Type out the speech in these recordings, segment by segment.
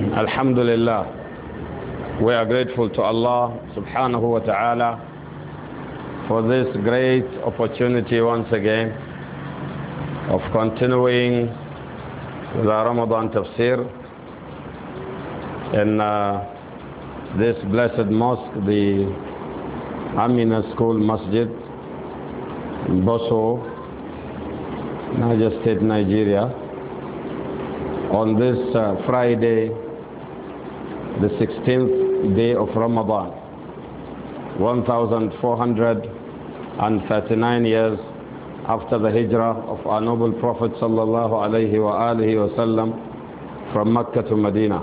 Alhamdulillah. We are grateful to Allah subhanahu wa ta'ala for this great opportunity once again of continuing the Ramadan tafsir in uh, this blessed mosque, the Amina School Masjid in Boso, Niger State, Nigeria on this uh, Friday, the 16th day of Ramadan, 1439 years after the hijrah of our noble Prophet sallallahu alaihi wasallam from Mecca to Medina.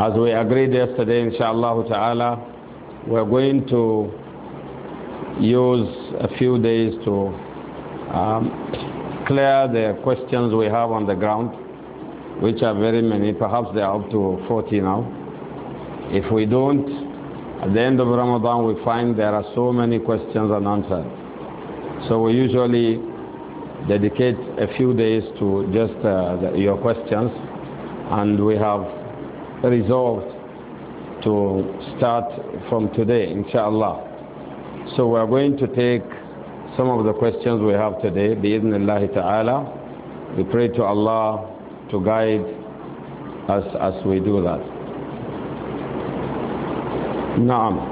As we agreed yesterday, inshallah ta'ala, we're going to use a few days to um, clear the questions we have on the ground which are very many. Perhaps they are up to 40 now. If we don't, at the end of Ramadan, we find there are so many questions and answers. So we usually dedicate a few days to just uh, the, your questions, and we have resolved to start from today, inshallah. So we are going to take some of the questions we have today, bi'idhnillahi ta'ala. We pray to Allah to guide us as we do that. Naam.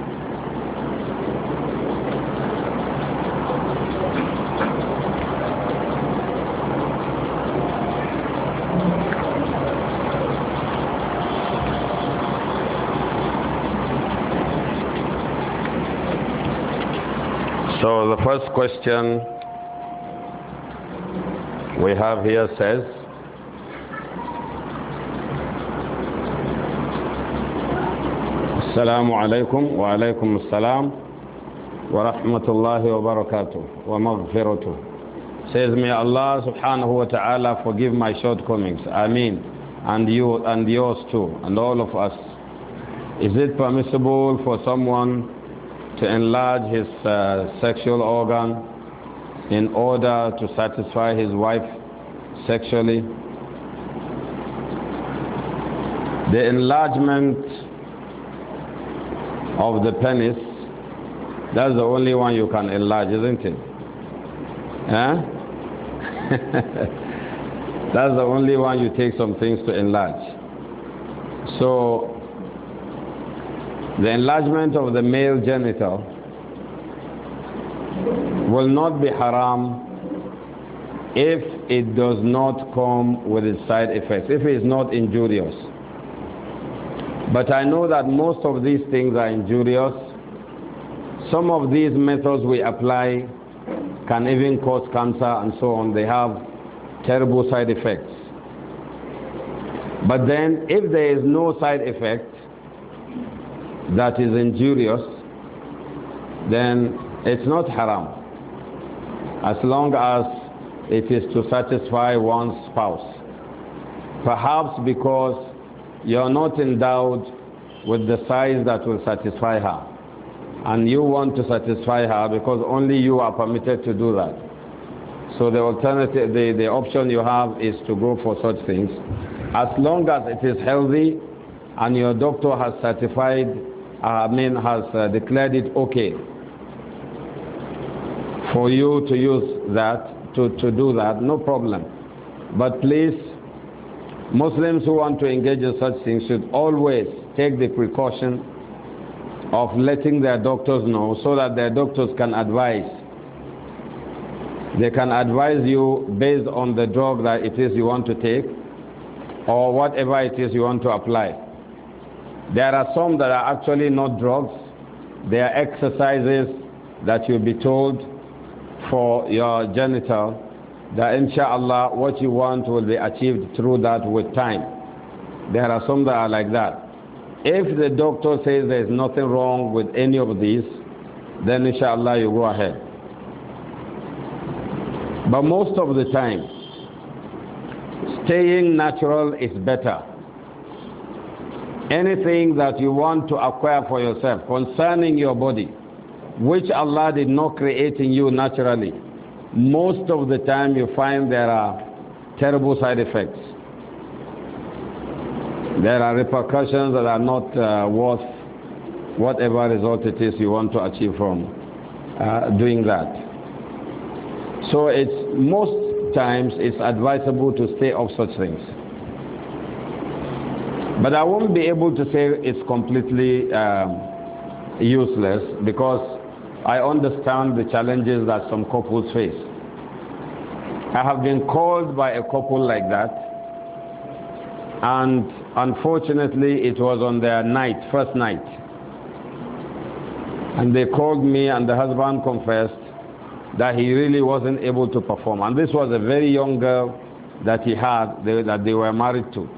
So the first question we have here says, السلام عليكم وعليكم السلام ورحمة الله وبركاته ومغفرته says may Allah subhanahu wa ta'ala forgive my shortcomings Ameen and you and yours too and all of us is it permissible for someone to enlarge his uh, sexual organ in order to satisfy his wife sexually the enlargement of the penis, that's the only one you can enlarge, isn't it? Huh? that's the only one you take some things to enlarge. So, the enlargement of the male genital will not be haram if it does not come with its side effects, if it is not injurious. But I know that most of these things are injurious. Some of these methods we apply can even cause cancer and so on. They have terrible side effects. But then, if there is no side effect that is injurious, then it's not haram. As long as it is to satisfy one's spouse. Perhaps because you are not endowed with the size that will satisfy her. And you want to satisfy her because only you are permitted to do that. So the alternative, the, the option you have is to go for such things. As long as it is healthy and your doctor has certified, uh, I mean, has uh, declared it okay for you to use that, to, to do that, no problem. But please Muslims who want to engage in such things should always take the precaution of letting their doctors know so that their doctors can advise. They can advise you based on the drug that it is you want to take or whatever it is you want to apply. There are some that are actually not drugs, they are exercises that you'll be told for your genital that inshallah what you want will be achieved through that with time. There are some that are like that. If the doctor says there is nothing wrong with any of these, then inshallah you go ahead. But most of the time, staying natural is better. Anything that you want to acquire for yourself concerning your body, which Allah did not create in you naturally, most of the time you find there are terrible side effects. There are repercussions that are not uh, worth whatever result it is you want to achieve from uh, doing that. So it's most times it's advisable to stay off such things. But I won't be able to say it's completely uh, useless because I understand the challenges that some couples face. I have been called by a couple like that, and unfortunately, it was on their night, first night. And they called me, and the husband confessed that he really wasn't able to perform. And this was a very young girl that he had, that they were married to.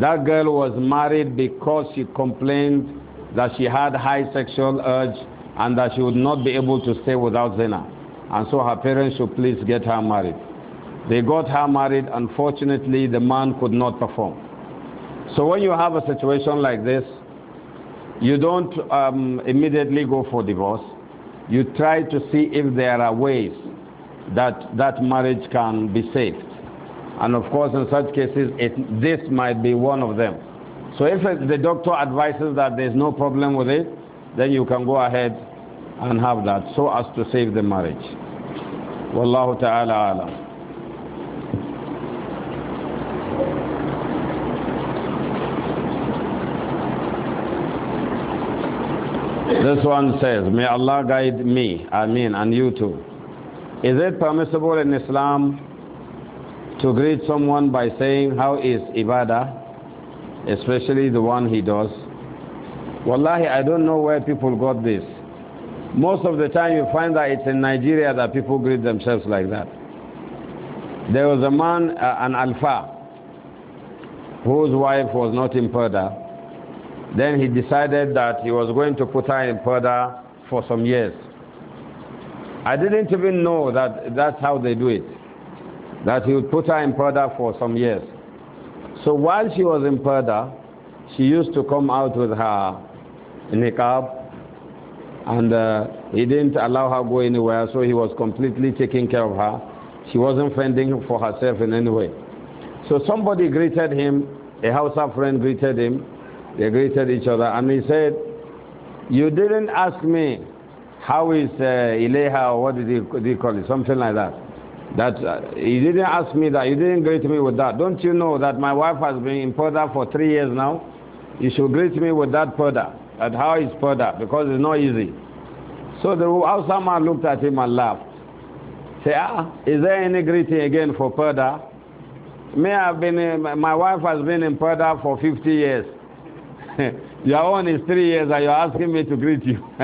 That girl was married because she complained that she had high sexual urge and that she would not be able to stay without Zena, And so her parents should please get her married. They got her married. Unfortunately, the man could not perform. So when you have a situation like this, you don't um, immediately go for divorce. You try to see if there are ways that that marriage can be saved. And of course, in such cases, it, this might be one of them. So if the doctor advises that there's no problem with it, then you can go ahead and have that so as to save the marriage. Wallahu ta'ala ala. This one says, May Allah guide me, I mean, and you too. Is it permissible in Islam to greet someone by saying, How is Ibadah? Especially the one he does. Wallahi, I don't know where people got this. Most of the time, you find that it's in Nigeria that people greet themselves like that. There was a man, uh, an alfa, whose wife was not in Perda. Then he decided that he was going to put her in Perda for some years. I didn't even know that that's how they do it, that he would put her in Perda for some years. So while she was in Perda, she used to come out with her niqab and uh, he didn't allow her go anywhere so he was completely taking care of her she wasn't fending for herself in any way so somebody greeted him a house friend greeted him they greeted each other and he said you didn't ask me how is uh, Ileha or what did he, did he, call it? Something like that. That uh, he didn't ask me that. You didn't greet me with that. Don't you know that my wife has been in Poda for three years now? You should greet me with that Poda at how he's because it's not easy. So the Hausa man looked at him and laughed. Say, ah, is there any greeting again for Perda? Me, I've been, in, my wife has been in Perda for 50 years. your own is three years and you're asking me to greet you.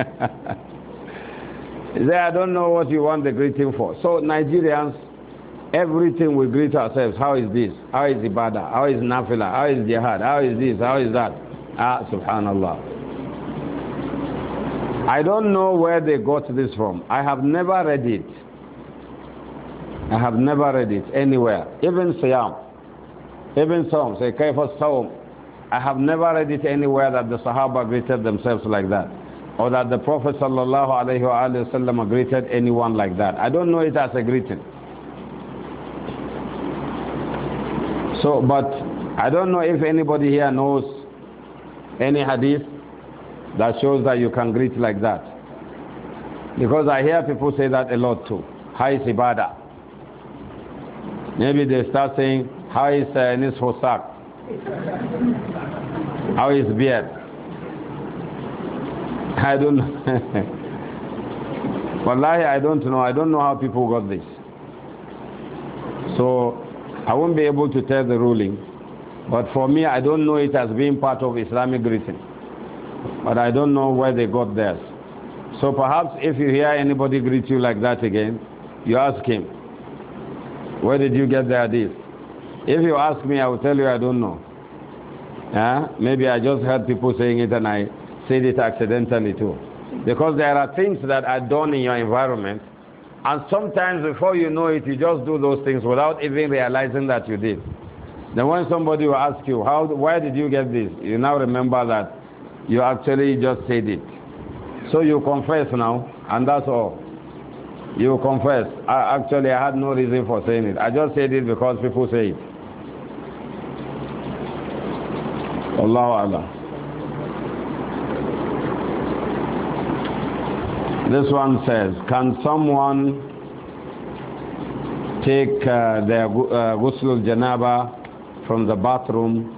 he said, I don't know what you want the greeting for. So Nigerians, everything we greet ourselves. How is this? How is Ibadah? How is Nafila? How is Jihad? How is this? How is that? Ah, subhanallah. I don't know where they got this from. I have never read it. I have never read it anywhere. Even Siyam. Even Psalm. Say, Kaifa Psalm. I have never read it anywhere that the Sahaba greeted themselves like that. Or that the Prophet sallallahu wasallam greeted anyone like that. I don't know it as a greeting. So, but I don't know if anybody here knows any hadith that shows that you can greet like that. Because I hear people say that a lot too. Hi is Ibada. Maybe they start saying, How is uh, Nisfosak? How is beard? I don't know. Wallahi, I don't know. I don't know how people got this. So I won't be able to tell the ruling. But for me, I don't know it as being part of Islamic greeting. But I don't know where they got theirs. So perhaps if you hear anybody greet you like that again, you ask him, where did you get the hadith? If you ask me, I will tell you I don't know. Yeah, Maybe I just heard people saying it and I said it accidentally too. Because there are things that are done in your environment, and sometimes before you know it, you just do those things without even realizing that you did. Then when somebody will ask you, how, why did you get this? You now remember that you actually just said it. So you confess now, and that's all. You confess. I, actually, I had no reason for saying it. I just said it because people say it. Allahu Allah. This one says, can someone take uh, their uh, ghusl janaba from the bathroom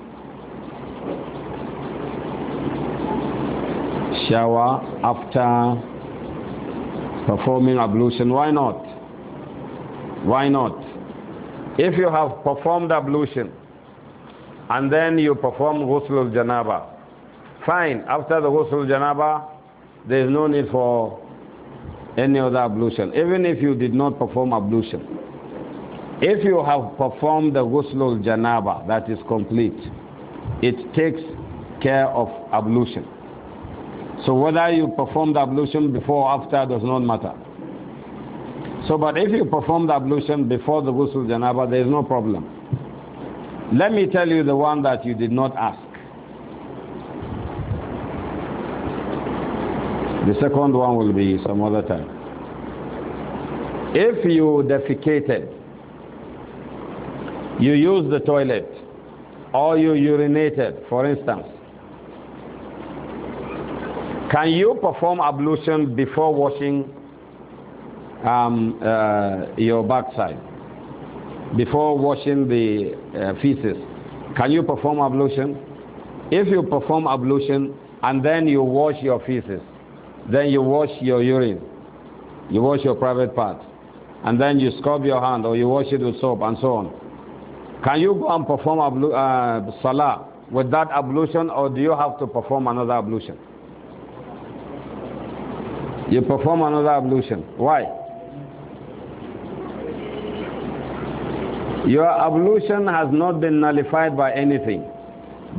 shower after performing ablution. Why not? Why not? If you have performed ablution and then you perform ghusl janaba, fine. After the ghusl janaba, there is no need for any other ablution, even if you did not perform ablution. If you have performed the ghusl janaba, that is complete, it takes care of ablution. So whether you perform the ablution before or after does not matter. So, but if you perform the ablution before the ghusl janaba, there is no problem. Let me tell you the one that you did not ask. The second one will be some other time. If you defecated, you used the toilet, or you urinated, for instance, can you perform ablution before washing um, uh, your backside? Before washing the uh, feces? Can you perform ablution? If you perform ablution and then you wash your feces, then you wash your urine, you wash your private part, and then you scrub your hand or you wash it with soap and so on. Can you go and perform ablu- uh, salah with that ablution or do you have to perform another ablution? You perform another ablution. Why? Your ablution has not been nullified by anything.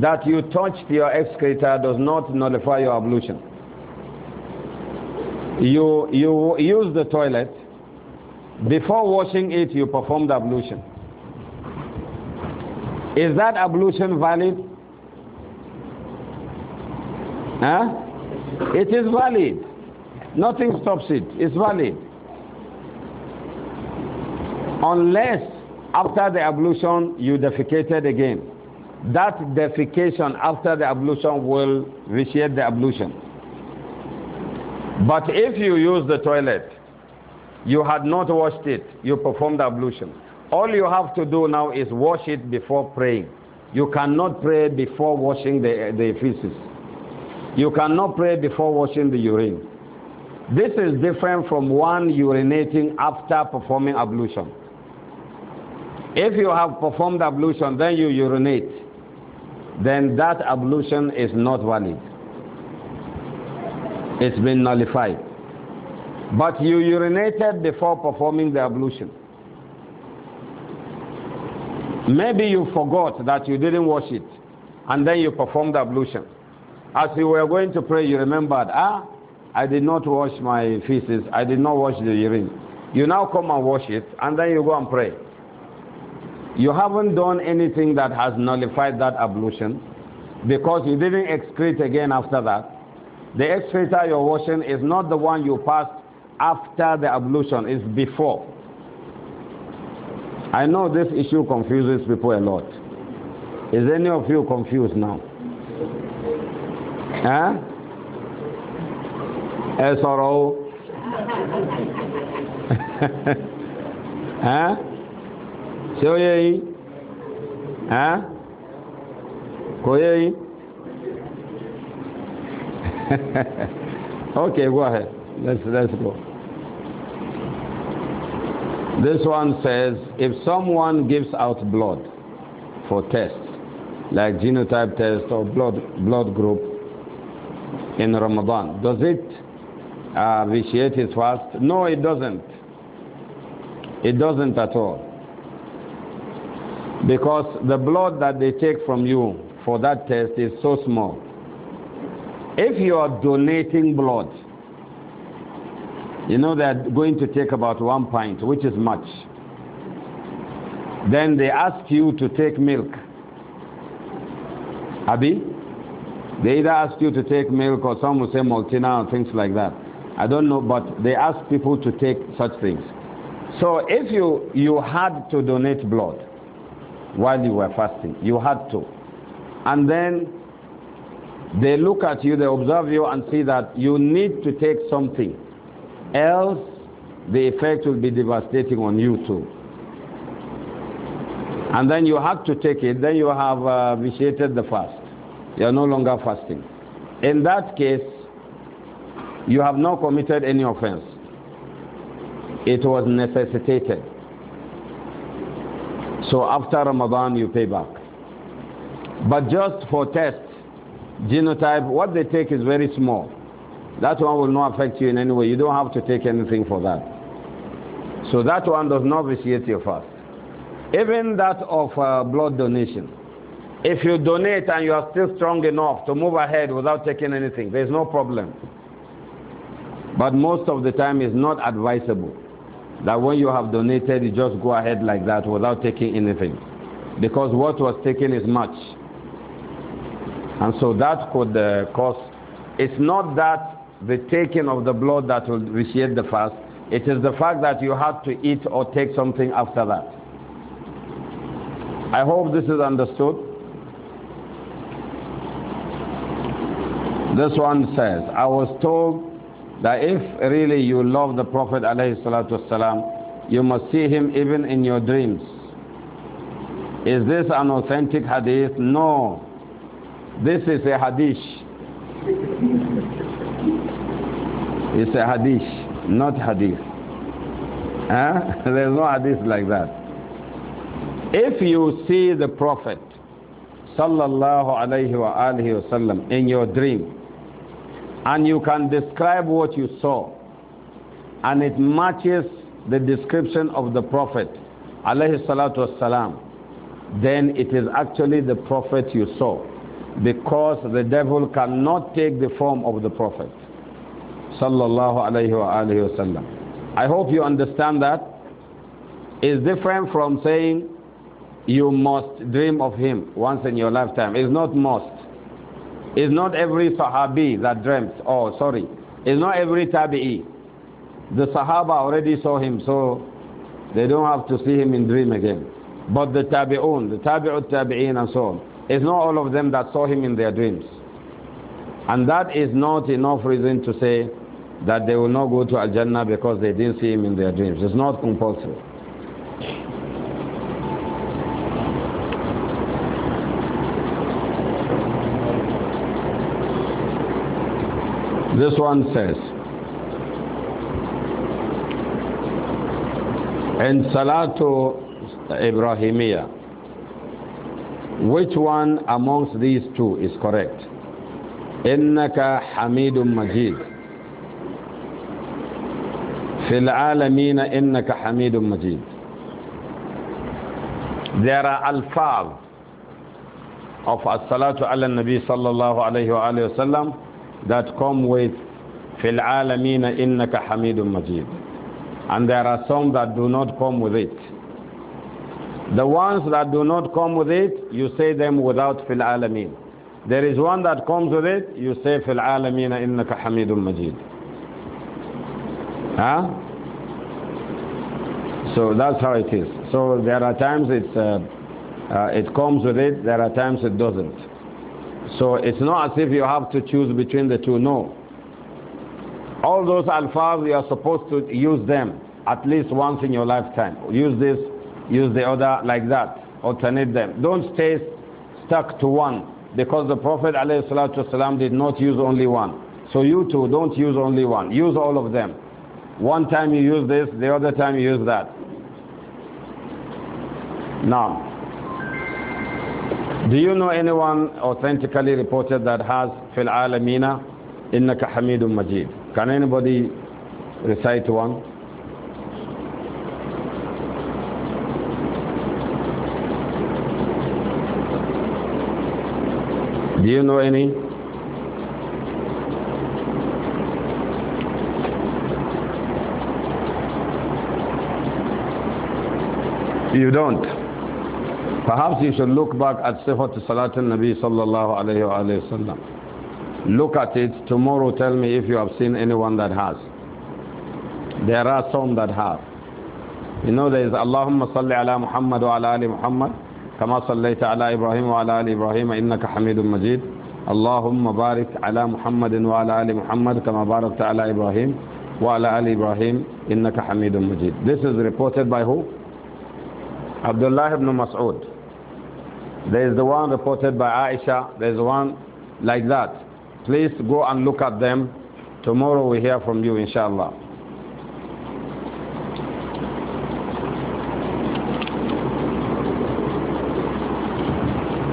That you touched your excreta does not nullify your ablution. You, you use the toilet. Before washing it, you perform the ablution. Is that ablution valid? Huh? It is valid. Nothing stops it. It's valid. Unless after the ablution you defecated again. That defecation after the ablution will vitiate the ablution. But if you use the toilet, you had not washed it, you performed the ablution. All you have to do now is wash it before praying. You cannot pray before washing the, the feces. You cannot pray before washing the urine. This is different from one urinating after performing ablution. If you have performed ablution, then you urinate, then that ablution is not valid. It's been nullified. But you urinated before performing the ablution. Maybe you forgot that you didn't wash it, and then you performed the ablution. As you were going to pray, you remembered, ah, I did not wash my feces, I did not wash the urine. You now come and wash it, and then you go and pray. You haven't done anything that has nullified that ablution because you didn't excrete again after that. The excreta you're washing is not the one you passed after the ablution, it's before. I know this issue confuses people a lot. Is any of you confused now? Huh? SRO. huh? شو يي Huh? كو يي okay go ahead let's let's go this one says if someone gives out blood for tests like genotype test or blood blood group in Ramadan does it uh, vitiate his fast? No, it doesn't. It doesn't at all. Because the blood that they take from you for that test is so small. If you are donating blood, you know they're going to take about one pint, which is much. Then they ask you to take milk. Abi? They either ask you to take milk or some will say multina and things like that. I don't know, but they ask people to take such things. So if you, you had to donate blood while you were fasting, you had to. And then they look at you, they observe you, and see that you need to take something. Else, the effect will be devastating on you too. And then you have to take it, then you have uh, vitiated the fast. You are no longer fasting. In that case, you have not committed any offense. It was necessitated. So after Ramadan, you pay back. But just for test, genotype, what they take is very small. That one will not affect you in any way. You don't have to take anything for that. So that one does not vitiate your fast. Even that of uh, blood donation. If you donate and you are still strong enough to move ahead without taking anything, there's no problem. But most of the time, it's not advisable that when you have donated, you just go ahead like that without taking anything. Because what was taken is much. And so that could uh, cause. It's not that the taking of the blood that will vitiate the fast, it is the fact that you had to eat or take something after that. I hope this is understood. This one says, I was told that if really you love the Prophet والسلام, you must see him even in your dreams. Is this an authentic hadith? No. This is a hadith. It's a hadith, not hadith. Huh? There's no hadith like that. If you see the Prophet sallallahu alayhi wa alihi in your dream, and you can describe what you saw and it matches the description of the prophet alayhi then it is actually the prophet you saw because the devil cannot take the form of the prophet sallallahu alayhi wa alihi i hope you understand that is different from saying you must dream of him once in your lifetime it's not must it's not every Sahabi that dreamt. Oh, sorry. It's not every Tabi'i. The Sahaba already saw him, so they don't have to see him in dream again. But the Tabi'un, the Tabi'ut Tabi'in and so on. It's not all of them that saw him in their dreams. And that is not enough reason to say that they will not go to Al-Jannah because they didn't see him in their dreams. It's not compulsory. This one says, in Salatu Ibrahimiyya, which one amongst these two is correct? إنك حميد مجيد في العالمين إنك حميد Majid." There are alfaz of as-salatu ala nabi sallallahu alayhi wa sallam that come with fil alamina innaka hamidun majid. And there are some that do not come with it. The ones that do not come with it, you say them without fil alamin. There is one that comes with it, you say fil alamina innaka hamidun majid. Huh? So that's how it is. So there are times it's, uh, uh, it comes with it, there are times it doesn't. So it's not as if you have to choose between the two, no. All those alfaz, you are supposed to use them at least once in your lifetime. Use this, use the other, like that. Alternate them. Don't stay stuck to one because the Prophet ﷺ did not use only one. So you too, don't use only one. Use all of them. One time you use this, the other time you use that. Now. Do you know anyone authentically reported that has fil alamina innaka hamidun majid? Can anybody recite one? Do you know any? You don't. Perhaps you should look back at Sifat Salatul nabi sallallahu alayhi wa sallam. Look at it. Tomorrow tell me if you have seen anyone that has. There are some that have. You know there is Allahumma salli ala Muhammad wa ala ali Muhammad. كما صليت على إبراهيم وعلى Ibrahim, إبراهيم إنك حميد مجيد اللهم بارك على محمد وعلى آل محمد كما باركت على إبراهيم وعلى آل إبراهيم إنك حميد مجيد This is reported by who? Abdullah ibn Mas'ud there is the one reported by Aisha. There is one like that. Please go and look at them. Tomorrow we hear from you, inshallah.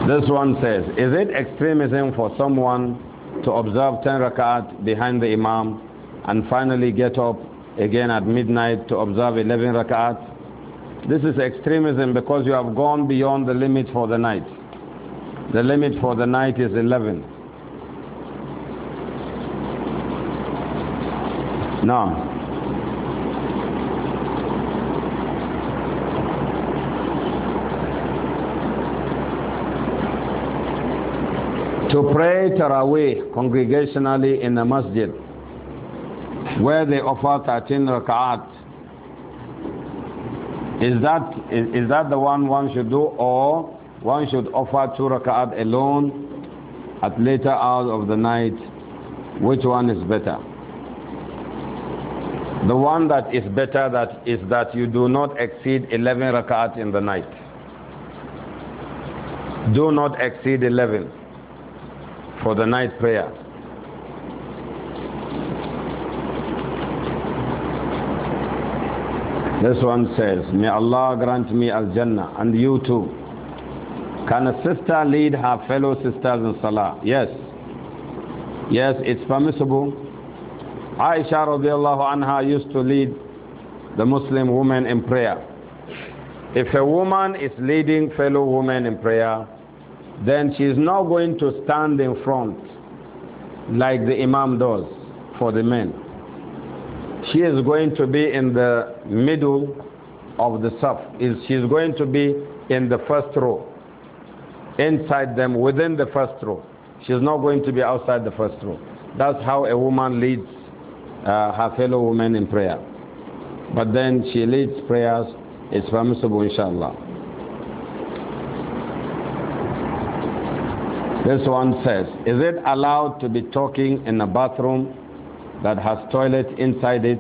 This one says, Is it extremism for someone to observe 10 rakat behind the Imam and finally get up again at midnight to observe 11 rakat? This is extremism because you have gone beyond the limit for the night. The limit for the night is 11. Now, to pray Taraweeh congregationally in the masjid where they offer 13 rak'at is that, is, is that the one one should do or one should offer two rak'at alone at later hours of the night? Which one is better? The one that is better that is that you do not exceed 11 rak'at in the night. Do not exceed 11 for the night prayer. This one says, May Allah grant me Al Jannah and you too. Can a sister lead her fellow sisters in Salah? Yes. Yes, it's permissible. Aisha radiallahu anha used to lead the Muslim women in prayer. If a woman is leading fellow women in prayer, then she is not going to stand in front like the Imam does for the men she is going to be in the middle of the saf. She is going to be in the first row, inside them, within the first row. She is not going to be outside the first row. That's how a woman leads uh, her fellow women in prayer. But then she leads prayers. It's permissible, inshallah. This one says, Is it allowed to be talking in a bathroom that has toilet inside it,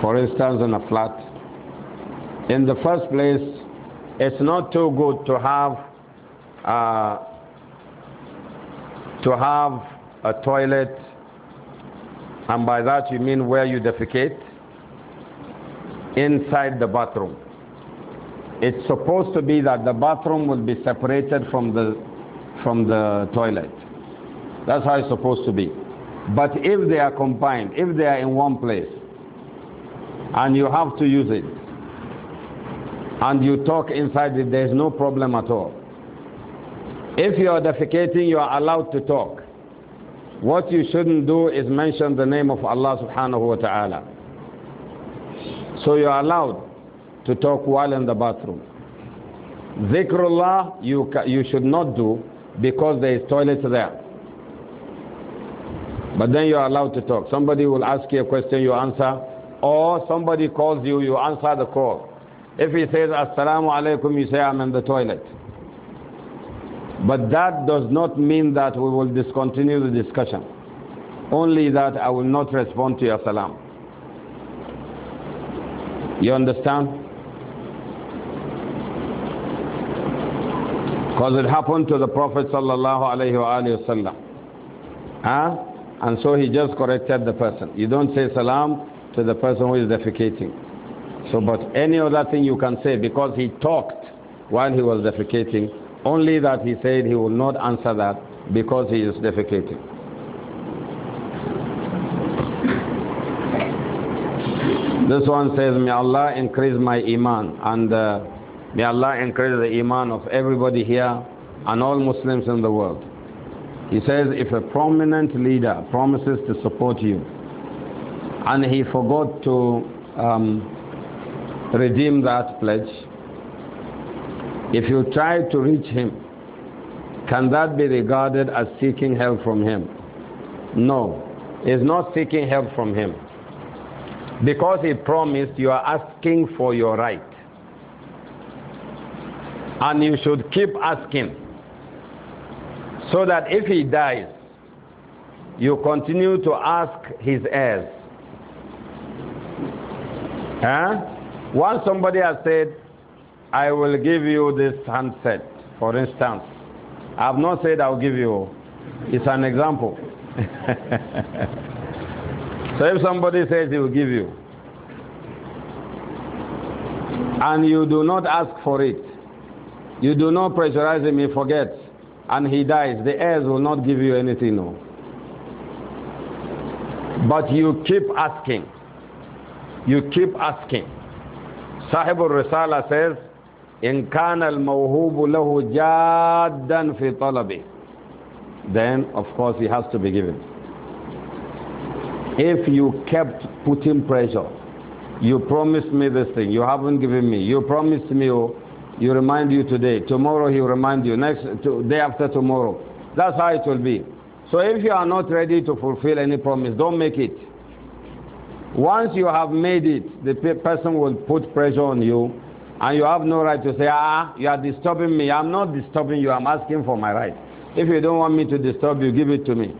for instance, in a flat, in the first place, it's not too good to have uh, to have a toilet, and by that you mean where you defecate, inside the bathroom. It's supposed to be that the bathroom will be separated from the from the toilet. That's how it's supposed to be. But if they are combined, if they are in one place, and you have to use it, and you talk inside it, there is no problem at all. If you are defecating, you are allowed to talk. What you shouldn't do is mention the name of Allah subhanahu wa ta'ala. So you are allowed to talk while in the bathroom. Zikrullah, you, you should not do because there is toilet there. But then you are allowed to talk. Somebody will ask you a question, you answer. Or somebody calls you, you answer the call. If he says, Assalamu alaikum, you say, I'm in the toilet. But that does not mean that we will discontinue the discussion. Only that I will not respond to your salam. You understand? Because it happened to the Prophet sallallahu alayhi wasallam. Huh? And so he just corrected the person. You don't say salam to the person who is defecating. So, but any other thing you can say because he talked while he was defecating, only that he said he will not answer that because he is defecating. This one says, May Allah increase my Iman and uh, may Allah increase the Iman of everybody here and all Muslims in the world. He says, if a prominent leader promises to support you and he forgot to um, redeem that pledge, if you try to reach him, can that be regarded as seeking help from him? No, it's not seeking help from him. Because he promised, you are asking for your right. And you should keep asking so that if he dies, you continue to ask his heirs. Huh? Once somebody has said, I will give you this handset, for instance. I have not said I'll give you. It's an example. so if somebody says he will give you, and you do not ask for it, you do not pressurize him, he forgets and he dies, the heirs will not give you anything. No. But you keep asking. You keep asking. Sahib al-Risala says, إن كان الموهوب له جادا في then of course he has to be given if you kept putting pressure you promised me this thing you haven't given me you promised me oh, you remind you today. Tomorrow he will remind you. Next to, day after tomorrow. That's how it will be. So if you are not ready to fulfill any promise, don't make it. Once you have made it, the person will put pressure on you, and you have no right to say, ah, you are disturbing me. I'm not disturbing you. I'm asking for my right. If you don't want me to disturb you, give it to me.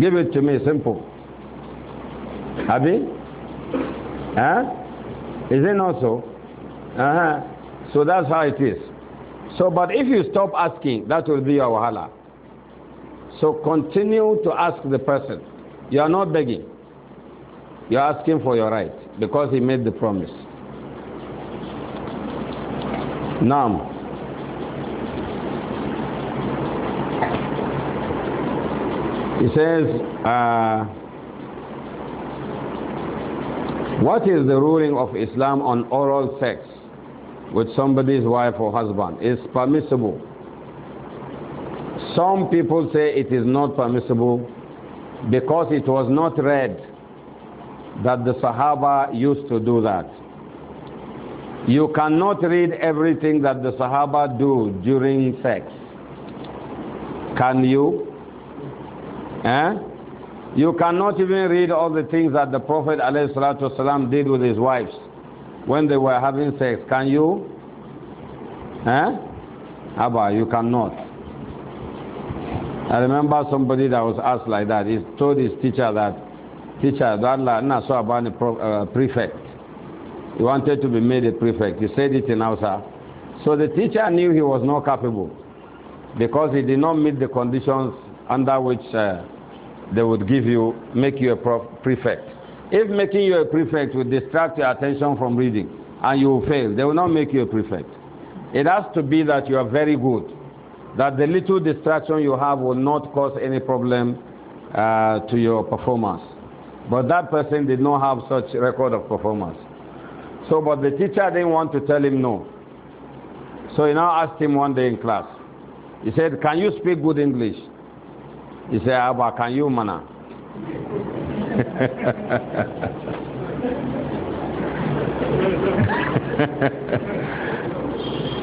Give it to me, simple. Have it. Eh? Is it not so? Uh -huh. So that's how it is. So, but if you stop asking, that will be your wahala. So continue to ask the person. You are not begging. You are asking for your right because he made the promise. Now, he says, uh, What is the ruling of Islam on oral sex? with somebody's wife or husband is permissible. Some people say it is not permissible because it was not read that the Sahaba used to do that. You cannot read everything that the Sahaba do during sex. Can you? Eh? You cannot even read all the things that the Prophet ﷺ did with his wives when they were having sex. Can you? Eh? Abba, you cannot. I remember somebody that was asked like that. He told his teacher that, teacher, that not so about the uh, prefect. He wanted to be made a prefect. He said it in Hausa. So the teacher knew he was not capable because he did not meet the conditions under which uh, they would give you, make you a prefect. If making you a prefect will distract your attention from reading and you will fail, they will not make you a prefect. It has to be that you are very good, that the little distraction you have will not cause any problem uh, to your performance. But that person did not have such record of performance. So, but the teacher didn't want to tell him no. So he now asked him one day in class. He said, Can you speak good English? He said, Abba, can you, Mana?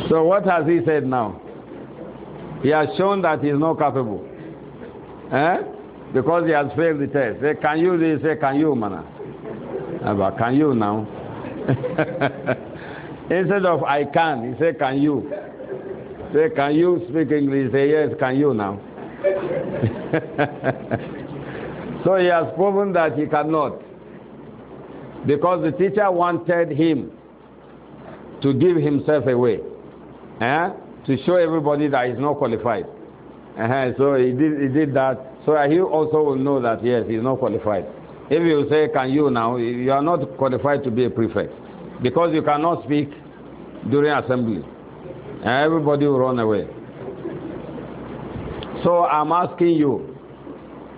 so what has he said now? He has shown that he is not capable. Eh? Because he has failed the test. Say, can you this? Say, can you, man? Ah, but can you now? Instead of I can, he said, can you? Say, can you speak English? Say, yes, can you now? So he has proven that he cannot. Because the teacher wanted him to give himself away. Eh? To show everybody that he's not qualified. Uh-huh, so he did, he did that. So he also will know that, yes, he's not qualified. If you say, can you now? You are not qualified to be a prefect. Because you cannot speak during assembly. Everybody will run away. So I'm asking you,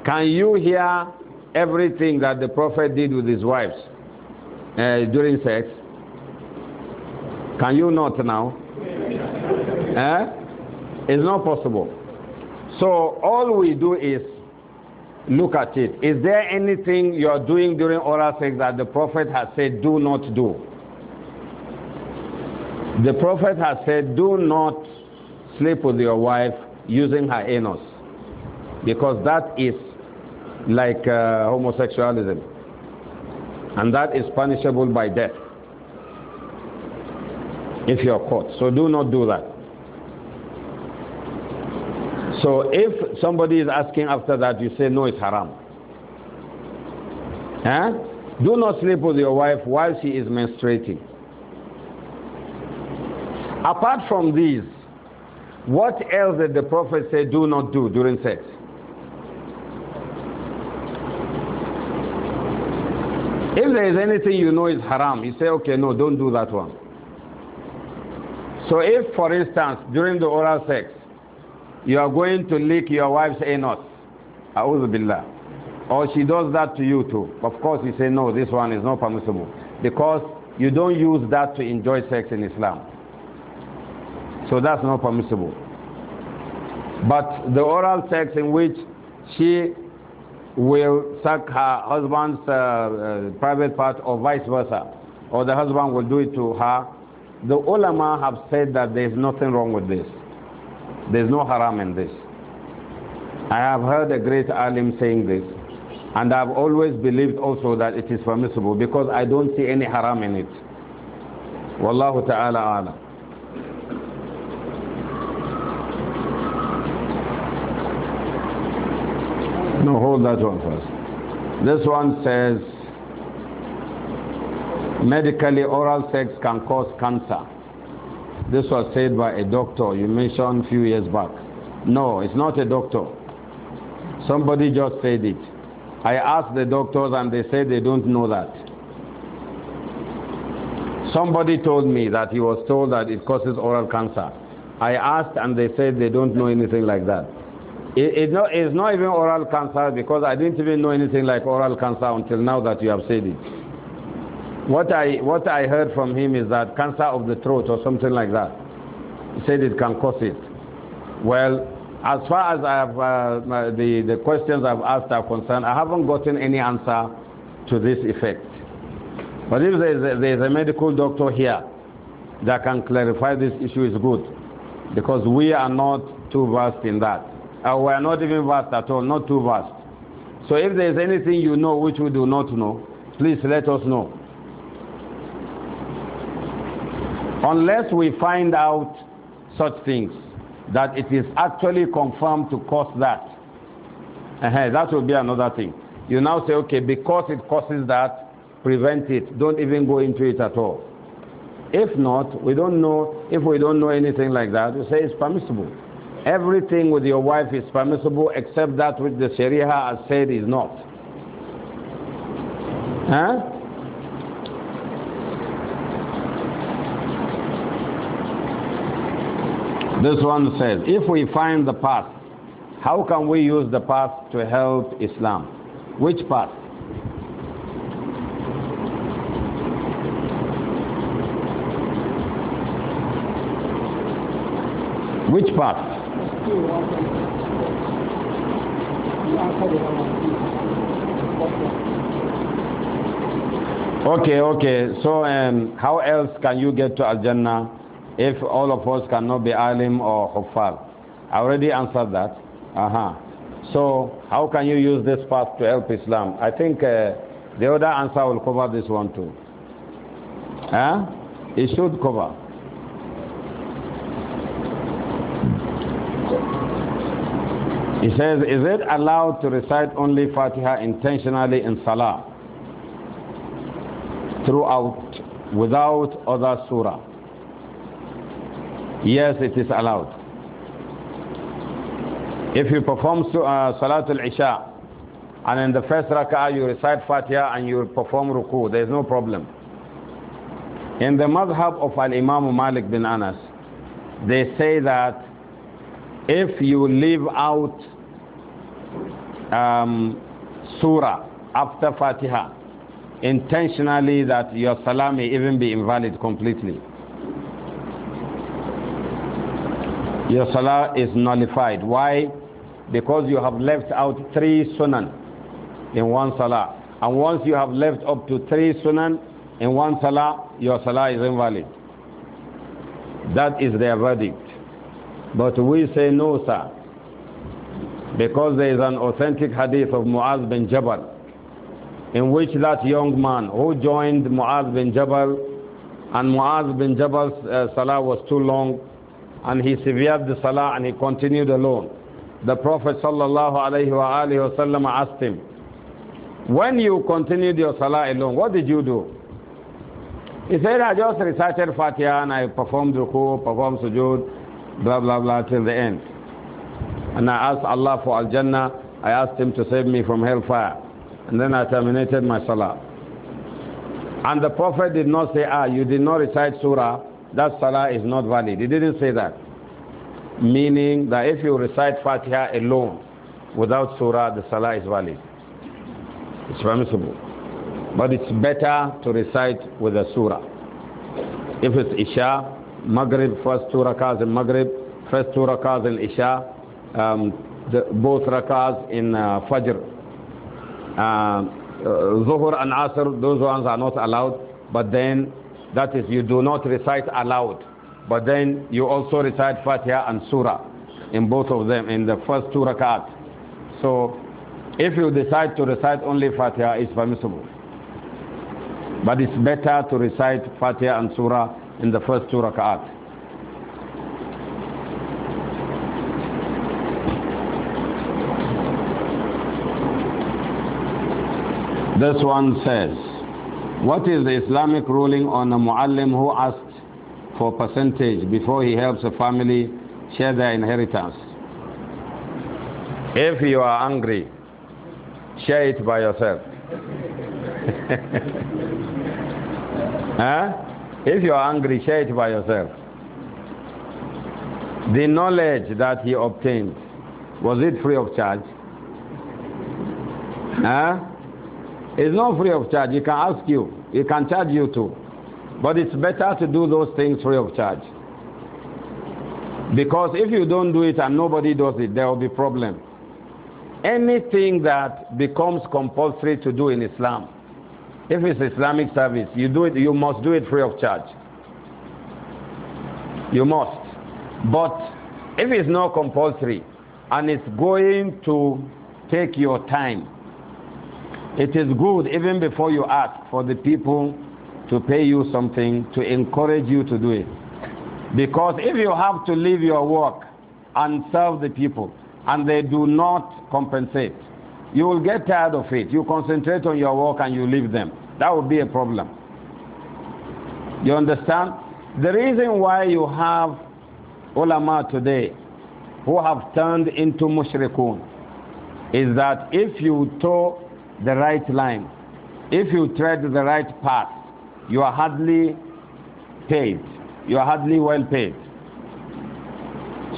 can you hear everything that the Prophet did with his wives uh, during sex? Can you not now? eh? It's not possible. So all we do is look at it. Is there anything you are doing during oral sex that the Prophet has said do not do? The Prophet has said do not sleep with your wife using her anus because that is like uh, homosexualism. And that is punishable by death if you are caught. So do not do that. So if somebody is asking after that, you say, no, it's haram. Huh? Do not sleep with your wife while she is menstruating. Apart from these, what else did the Prophet say do not do during sex? If there is anything you know is haram, you say, okay, no, don't do that one. So if, for instance, during the oral sex, you are going to lick your wife's anus, billah, or she does that to you too, of course you say, no, this one is not permissible. Because you don't use that to enjoy sex in Islam. So that's not permissible. But the oral sex in which she will suck her husband's uh, uh, private part or vice versa, or the husband will do it to her. The ulama have said that there is nothing wrong with this. There is no haram in this. I have heard a great alim saying this, and I've always believed also that it is permissible because I don't see any haram in it. Wallahu ta'ala alam. No, hold that one first. This one says medically oral sex can cause cancer. This was said by a doctor you mentioned a few years back. No, it's not a doctor. Somebody just said it. I asked the doctors and they said they don't know that. Somebody told me that he was told that it causes oral cancer. I asked and they said they don't know anything like that. It, it no, it's not even oral cancer because I didn't even know anything like oral cancer until now that you have said it. What I, what I heard from him is that cancer of the throat or something like that. He said it can cause it. Well, as far as I have, uh, uh the, the questions I've asked are concerned, I haven't gotten any answer to this effect. But if there is a, there is a medical doctor here that can clarify this issue, is good because we are not too versed in that. Uh, we are not even vast at all, not too vast. So if there is anything you know which we do not know, please let us know. Unless we find out such things, that it is actually confirmed to cause that, uh -huh, that will be another thing. You now say, okay, because it causes that, prevent it. Don't even go into it at all. If not, we don't know, if we don't know anything like that, we say it's permissible. Everything with your wife is permissible except that which the Sharia has said is not. Huh? This one says, if we find the path, how can we use the path to help Islam? Which path? Which path? Okay, okay. So, um, how else can you get to Al Jannah if all of us cannot be alim or huffar? I already answered that. Uh huh. So, how can you use this path to help Islam? I think uh, the other answer will cover this one too. Huh? It should cover. He says, Is it allowed to recite only Fatiha intentionally in Salah throughout without other surah? Yes, it is allowed. If you perform uh, Salatul Isha and in the first rak'ah you recite Fatiha and you perform ruku, there is no problem. In the madhab of Al Imam Malik bin Anas, they say that if you leave out um, surah after Fatiha intentionally that your salah may even be invalid completely. Your salah is nullified. Why? Because you have left out three sunan in one salah. And once you have left up to three sunan in one salah, your salah is invalid. That is their verdict. But we say, no, sir. Because there is an authentic hadith of Muaz bin Jabal in which that young man who joined Muaz bin Jabal and Muaz bin Jabal's uh, salah was too long and he severed the salah and he continued alone. The Prophet sallallahu alayhi wa alayhi wasallam asked him, when you continued your salah alone, what did you do? He said, I just recited Fatiha and I performed ruku, performed sujood, blah, blah, blah, till the end. And I asked Allah for Al Jannah. I asked Him to save me from hellfire. And then I terminated my salah. And the Prophet did not say, Ah, you did not recite surah, that salah is not valid. He didn't say that. Meaning that if you recite Fatiha alone, without surah, the salah is valid. It's permissible. But it's better to recite with a surah. If it's Isha, Maghrib, first two rakahs in Maghrib, first two rakahs in Isha, um, the, both rakahs in uh, Fajr. Uh, uh, Zuhur and Asr, those ones are not allowed, but then that is, you do not recite aloud, but then you also recite Fatiha and Surah in both of them, in the first two rakat. So if you decide to recite only Fatiha, it's permissible. But it's better to recite Fatiha and Surah in the first two rakat. This one says, What is the Islamic ruling on a muallim who asks for percentage before he helps a family share their inheritance? If you are angry, share it by yourself. huh? If you are angry, share it by yourself. The knowledge that he obtained, was it free of charge? Huh? It's not free of charge. He can ask you. He can charge you too. But it's better to do those things free of charge. Because if you don't do it and nobody does it, there will be problem. Anything that becomes compulsory to do in Islam, if it's Islamic service, you do it. You must do it free of charge. You must. But if it's not compulsory and it's going to take your time, it is good, even before you ask, for the people to pay you something to encourage you to do it. Because if you have to leave your work and serve the people and they do not compensate, you will get tired of it. You concentrate on your work and you leave them. That would be a problem. You understand? The reason why you have ulama today who have turned into mushrikun is that if you talk the right line. If you tread the right path, you are hardly paid. You are hardly well paid.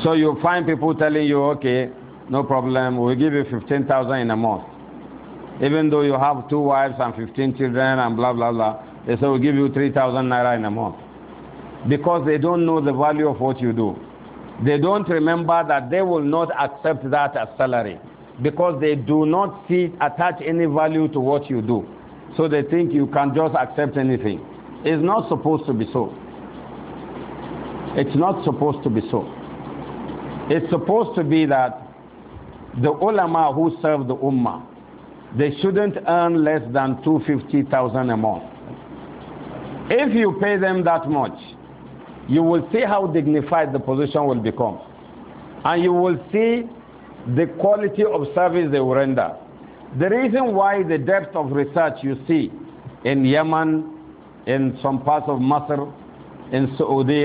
So you find people telling you, okay, no problem, we'll give you 15,000 in a month. Even though you have two wives and 15 children and blah, blah, blah, they say we'll give you 3,000 naira in a month. Because they don't know the value of what you do. They don't remember that they will not accept that as salary because they do not see attach any value to what you do. So they think you can just accept anything. It's not supposed to be so. It's not supposed to be so. It's supposed to be that the ulama who serve the ummah, they shouldn't earn less than 250,000 a month. If you pay them that much, you will see how dignified the position will become. And you will see the quality of service they render. The reason why the depth of research you see in Yemen, in some parts of Masr, in Saudi,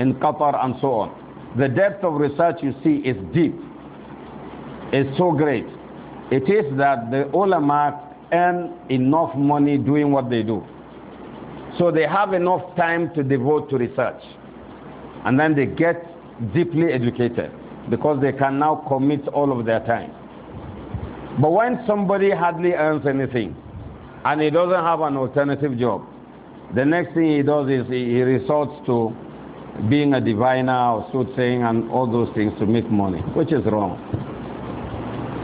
in Qatar, and so on, the depth of research you see is deep, is so great. It is that the ulama earn enough money doing what they do. So they have enough time to devote to research. And then they get deeply educated because they can now commit all of their time. But when somebody hardly earns anything and he doesn't have an alternative job, the next thing he does is he resorts to being a diviner or soothsaying and all those things to make money, which is wrong.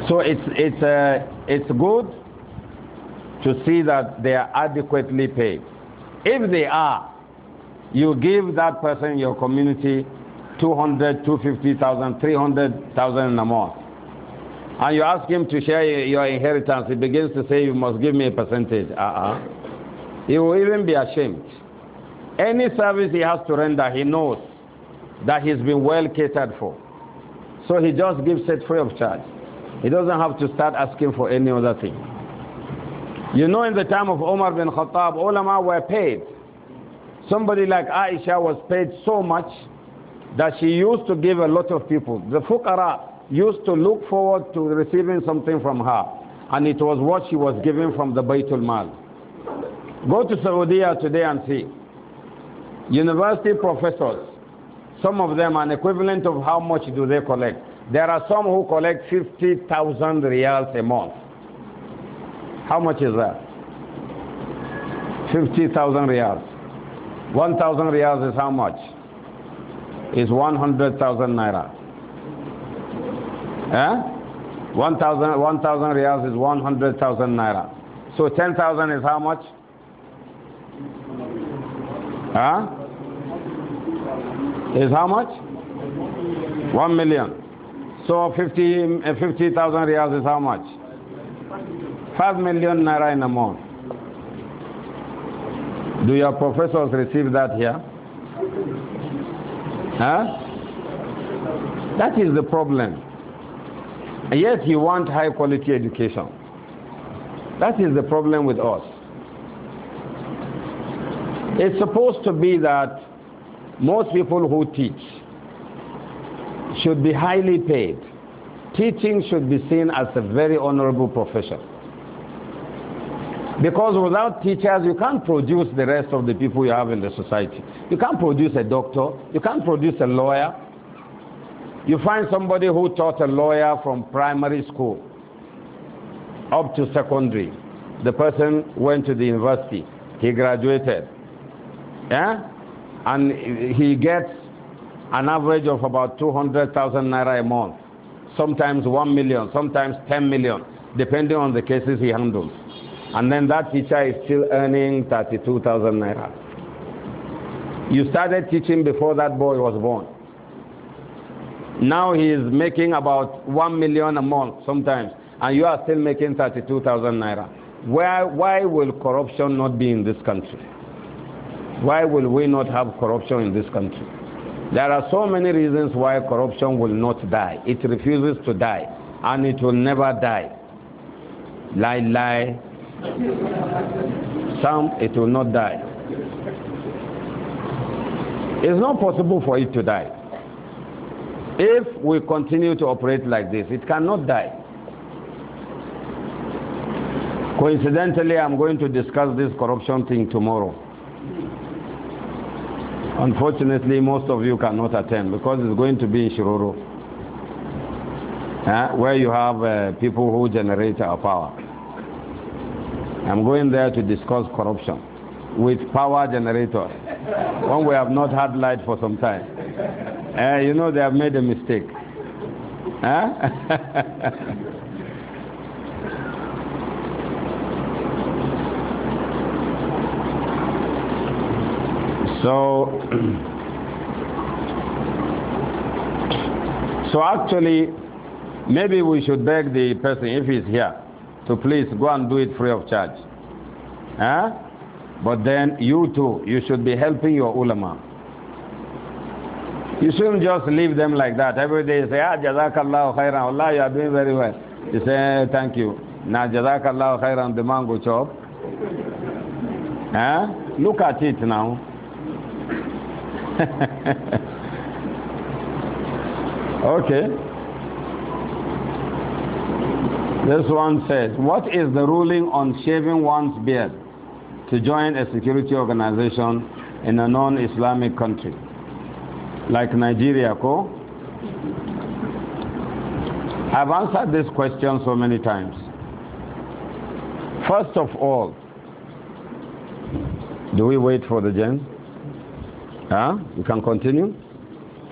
So it's, it's, uh, it's good to see that they are adequately paid. If they are, you give that person your community 200, 250,000, 300,000 in a month. And you ask him to share your inheritance, he begins to say, You must give me a percentage. Uh uh. He will even be ashamed. Any service he has to render, he knows that he's been well catered for. So he just gives it free of charge. He doesn't have to start asking for any other thing. You know, in the time of Omar bin Khattab, ulama were paid. Somebody like Aisha was paid so much that she used to give a lot of people. The fuqara used to look forward to receiving something from her, and it was what she was giving from the Baytul Mal. Go to Saudi today and see. University professors, some of them an equivalent of how much do they collect? There are some who collect 50,000 riyals a month. How much is that? 50,000 riyals. 1,000 riyals is how much? is 100,000 naira. Eh? 1,000 1, riyals is 100,000 naira. So 10,000 is how much? Huh? Is how much? 1 million. So 50,000 reals 50, eh, riyals is how much? 5 million naira in a month. Do your professors receive that here? Huh? That is the problem. Yes, yet you want high quality education. That is the problem with us. It's supposed to be that most people who teach should be highly paid. Teaching should be seen as a very honorable profession. Because without teachers, you can't produce the rest of the people you have in the society. You can't produce a doctor. You can't produce a lawyer. You find somebody who taught a lawyer from primary school up to secondary. The person went to the university. He graduated. Yeah? And he gets an average of about 200,000 naira a month, sometimes 1 million, sometimes 10 million, depending on the cases he handles. And then that teacher is still earning 32,000 naira. You started teaching before that boy was born. Now he is making about 1 million a month sometimes, and you are still making 32,000 naira. Where, why will corruption not be in this country? Why will we not have corruption in this country? There are so many reasons why corruption will not die. It refuses to die, and it will never die. Lie, lie, some, it will not die. It's not possible for it to die. If we continue to operate like this, it cannot die. Coincidentally, I'm going to discuss this corruption thing tomorrow. Unfortunately, most of you cannot attend because it's going to be in Shiroro, eh, where you have uh, people who generate our power. I'm going there to discuss corruption with power generators when we have not had light for some time. Uh, you know, they have made a mistake. Huh? Eh? so, so actually, maybe we should beg the person if he's here so please go and do it free of charge. Huh? But then you too, you should be helping your ulama. You shouldn't just leave them like that. Every day you say, Ah, Jazakallah khairan. Allah, you are doing very well. You say, eh, Thank you. Now, Jazakallah khairan, the mango chop. Huh? Look at it now. okay. This one says, What is the ruling on shaving one's beard to join a security organization in a non Islamic country? Like Nigeria, Co. I've answered this question so many times. First of all, do we wait for the gen? Huh? You can continue.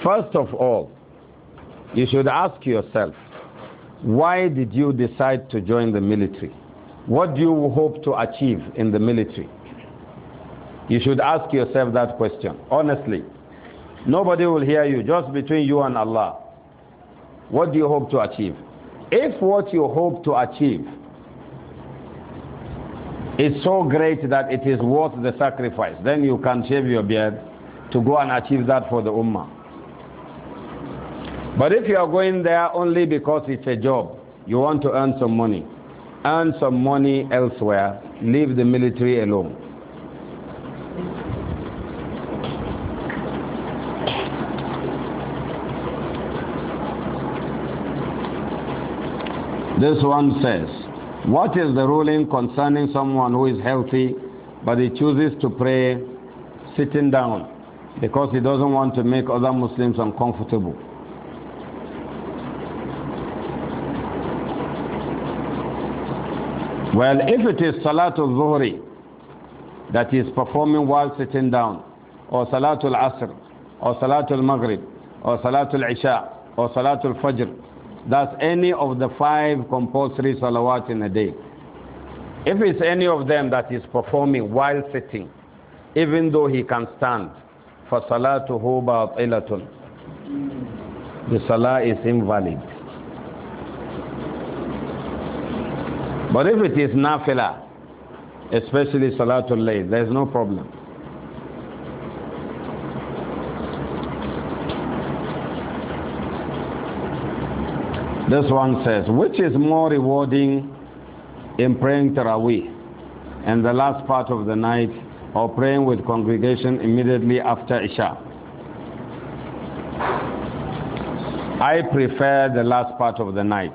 First of all, you should ask yourself why did you decide to join the military? What do you hope to achieve in the military? You should ask yourself that question, honestly. Nobody will hear you, just between you and Allah. What do you hope to achieve? If what you hope to achieve is so great that it is worth the sacrifice, then you can shave your beard to go and achieve that for the Ummah. But if you are going there only because it's a job, you want to earn some money, earn some money elsewhere, leave the military alone. This one says, What is the ruling concerning someone who is healthy but he chooses to pray sitting down because he doesn't want to make other Muslims uncomfortable? Well, if it is Salatul Zuhri that is performing while sitting down, or Salatul Asr, or Salatul Maghrib, or Salatul Isha, or Salatul Fajr, that's any of the five compulsory salawat in a day. If it's any of them that is performing while sitting, even though he can stand, for Salatul فَصَلَاتُهُ بَاطِلَةٌ The salah is invalid. But if it is nafila, especially Salatul Layl, there's no problem. This one says, which is more rewarding in praying Taraweeh in the last part of the night or praying with congregation immediately after Isha? I prefer the last part of the night.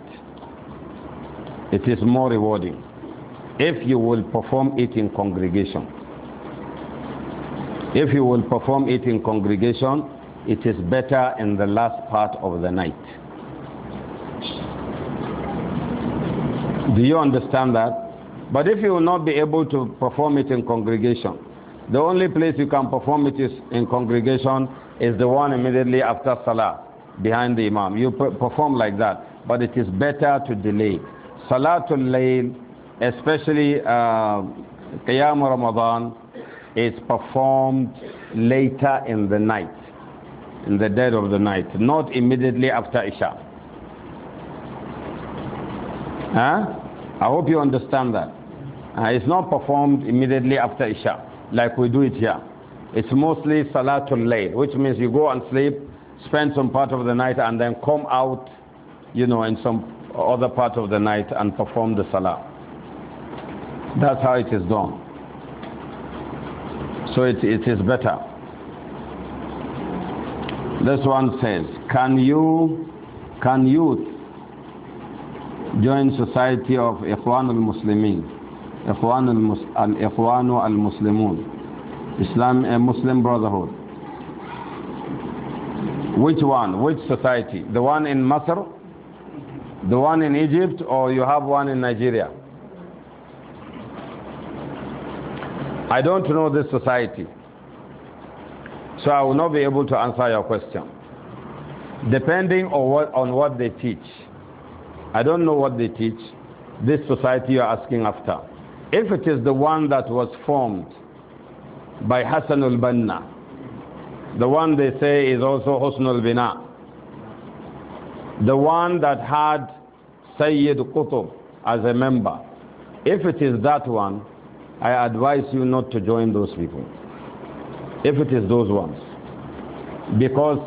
It is more rewarding if you will perform it in congregation. If you will perform it in congregation, it is better in the last part of the night. Do you understand that? But if you will not be able to perform it in congregation, the only place you can perform it is in congregation is the one immediately after Salah, behind the Imam. You perform like that, but it is better to delay. Salatul Layl, especially uh, Qiyam Ramadan, is performed later in the night, in the dead of the night, not immediately after Isha. Huh? I hope you understand that. Uh, it's not performed immediately after Isha, like we do it here. It's mostly Salatul Layl, which means you go and sleep, spend some part of the night, and then come out, you know, in some other part of the night and perform the salah. That's how it is done. So it, it is better. This one says, can you, can youth join society of Ikhwan al-Muslimin, Ikhwan al-Ikhwan al-Muslimun, Islam a Muslim Brotherhood? Which one? Which society? The one in Masr the one in Egypt or you have one in Nigeria? I don't know this society. So I will not be able to answer your question. Depending on what, on what they teach. I don't know what they teach. This society you are asking after. If it is the one that was formed by Hassan al-Banna, the one they say is also Hosn al-Bina, the one that had Sayyid Qutb as a member. If it is that one, I advise you not to join those people. If it is those ones. Because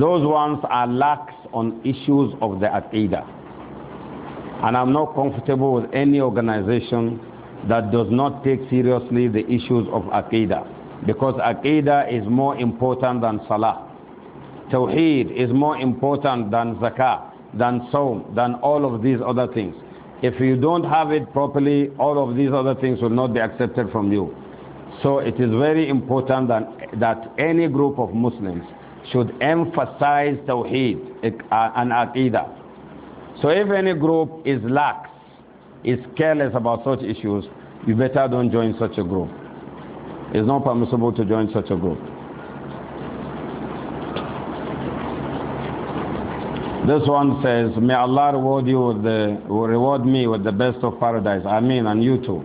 those ones are lax on issues of the Aqidah. And I'm not comfortable with any organization that does not take seriously the issues of Aqidah. Because Aqidah is more important than Salah. Tawheed is more important than Zakah than Saum, than all of these other things. If you don't have it properly, all of these other things will not be accepted from you. So it is very important that, that any group of Muslims should emphasize Tawheed and Aqidah. So if any group is lax, is careless about such issues, you better don't join such a group. It's not permissible to join such a group. This one says, May Allah reward you with the reward me with the best of paradise. I mean, and you too.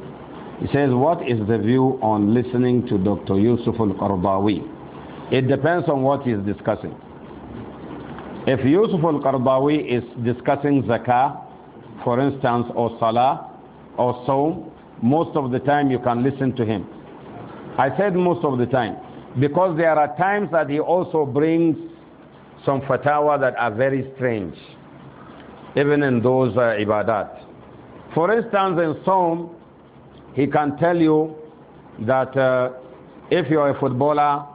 He says, What is the view on listening to Dr. Yusuf al Qardawi? It depends on what he's discussing. If Yusuf al Qardawi is discussing zakah, for instance, or salah, or saum, most of the time you can listen to him. I said most of the time, because there are times that he also brings some fatwa that are very strange, even in those uh, ibadat. For instance, in some, he can tell you that uh, if you're a footballer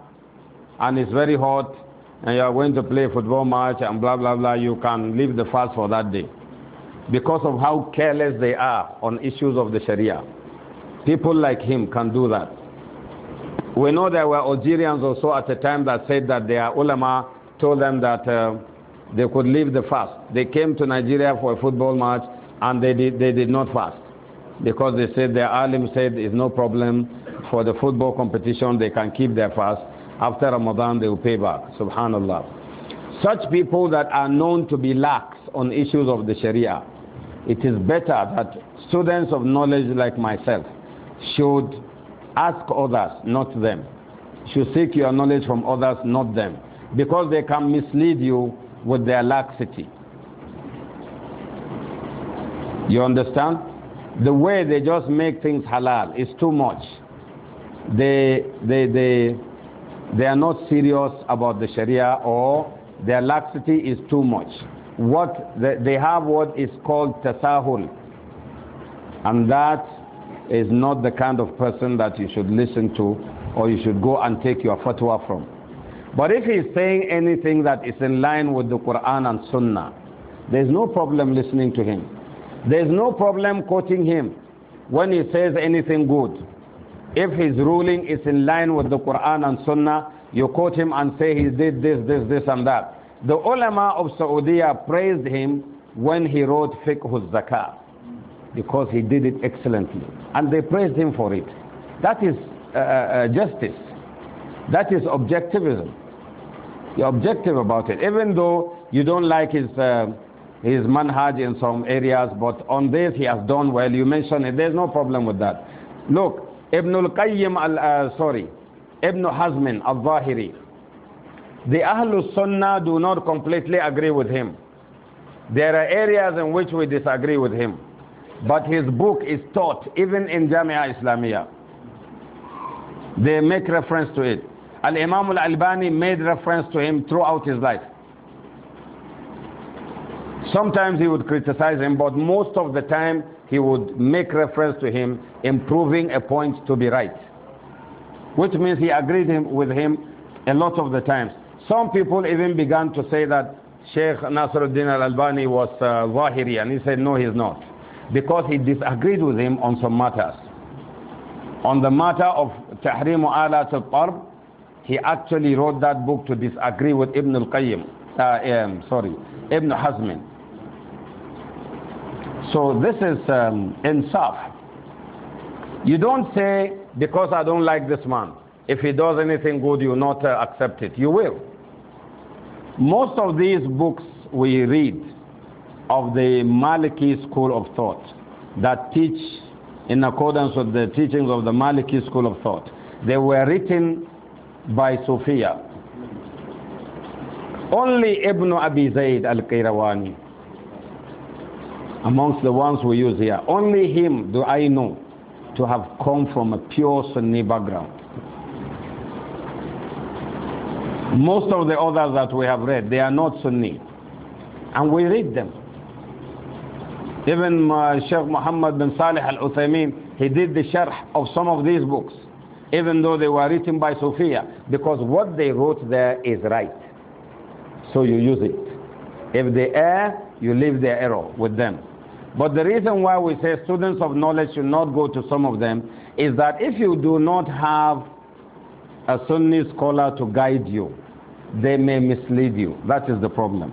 and it's very hot and you're going to play a football match and blah, blah, blah, you can leave the fast for that day because of how careless they are on issues of the Sharia. People like him can do that. We know there were Algerians also at the time that said that their ulama told them that uh, they could leave the fast. They came to Nigeria for a football match and they did, they did not fast because they said their alim said it's no problem for the football competition, they can keep their fast. After Ramadan, they will pay back. Subhanallah. Such people that are known to be lax on issues of the Sharia, it is better that students of knowledge like myself should ask others, not them. Should seek your knowledge from others, not them because they can mislead you with their laxity. You understand? The way they just make things halal is too much. They, they, they, they are not serious about the Sharia or their laxity is too much. What they have what is called tasahul, and that is not the kind of person that you should listen to or you should go and take your fatwa from. But if he's saying anything that is in line with the Quran and Sunnah, there's no problem listening to him. There's no problem quoting him when he says anything good. If his ruling is in line with the Quran and Sunnah, you quote him and say he did this, this, this, and that. The ulama of Saudi praised him when he wrote Fiqh al-Zakah because he did it excellently. And they praised him for it. That is uh, uh, uh justice. That is objectivism. You're objective about it, even though you don't like his, uh, his manhaj in some areas, but on this he has done well. You mention it, there's no problem with that. Look, Ibn al-Qayyim, al, uh, sorry, Ibn Hazmin al-Zahiri, the Ahlul Sunnah do not completely agree with him. There are areas in which we disagree with him. But his book is taught even in Jamia Islamiyah. They make reference to it. Al Imam Al Albani made reference to him throughout his life. Sometimes he would criticize him, but most of the time he would make reference to him, improving a point to be right. Which means he agreed him, with him a lot of the times. Some people even began to say that Sheikh Nasruddin al Albani was uh, Zahiri, and he said, No, he's not. Because he disagreed with him on some matters. On the matter of Tahrimu ala al he actually wrote that book to disagree with Ibn al-Qayyim, uh, um, sorry, Ibn Hazm. So this is um, insaf. You don't say, because I don't like this man, if he does anything good, you not uh, accept it. You will. Most of these books we read of the Maliki school of thought that teach in accordance with the teachings of the Maliki school of thought. They were written by Sophia. Only Ibn Abi Zayd al qirawani amongst the ones we use here, only him do I know to have come from a pure Sunni background. Most of the others that we have read, they are not Sunni. And we read them. Even uh, Sheikh Muhammad bin Salih al Uthaymeen, he did the sharh of some of these books even though they were written by Sophia, because what they wrote there is right. So you use it. If they err, you leave their error with them. But the reason why we say students of knowledge should not go to some of them is that if you do not have a Sunni scholar to guide you, they may mislead you. That is the problem.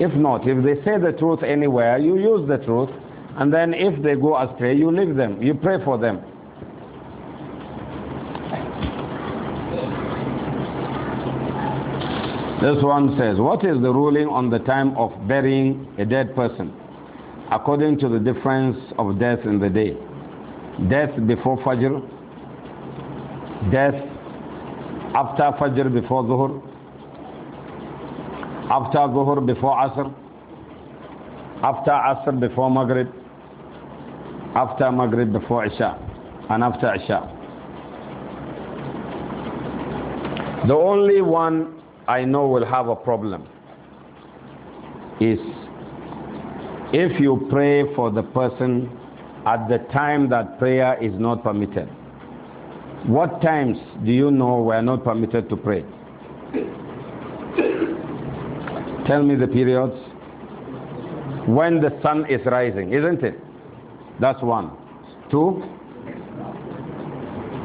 If not, if they say the truth anywhere, you use the truth, and then if they go astray, you leave them, you pray for them. This one says, What is the ruling on the time of burying a dead person according to the difference of death in the day? Death before Fajr, death after Fajr before Zuhur, after Zuhur before Asr, after Asr before Maghrib, after Maghrib before Isha, and after Isha. The only one I know will have a problem is if you pray for the person at the time that prayer is not permitted. What times do you know we are not permitted to pray? Tell me the periods. When the sun is rising, isn't it? That's one. Two?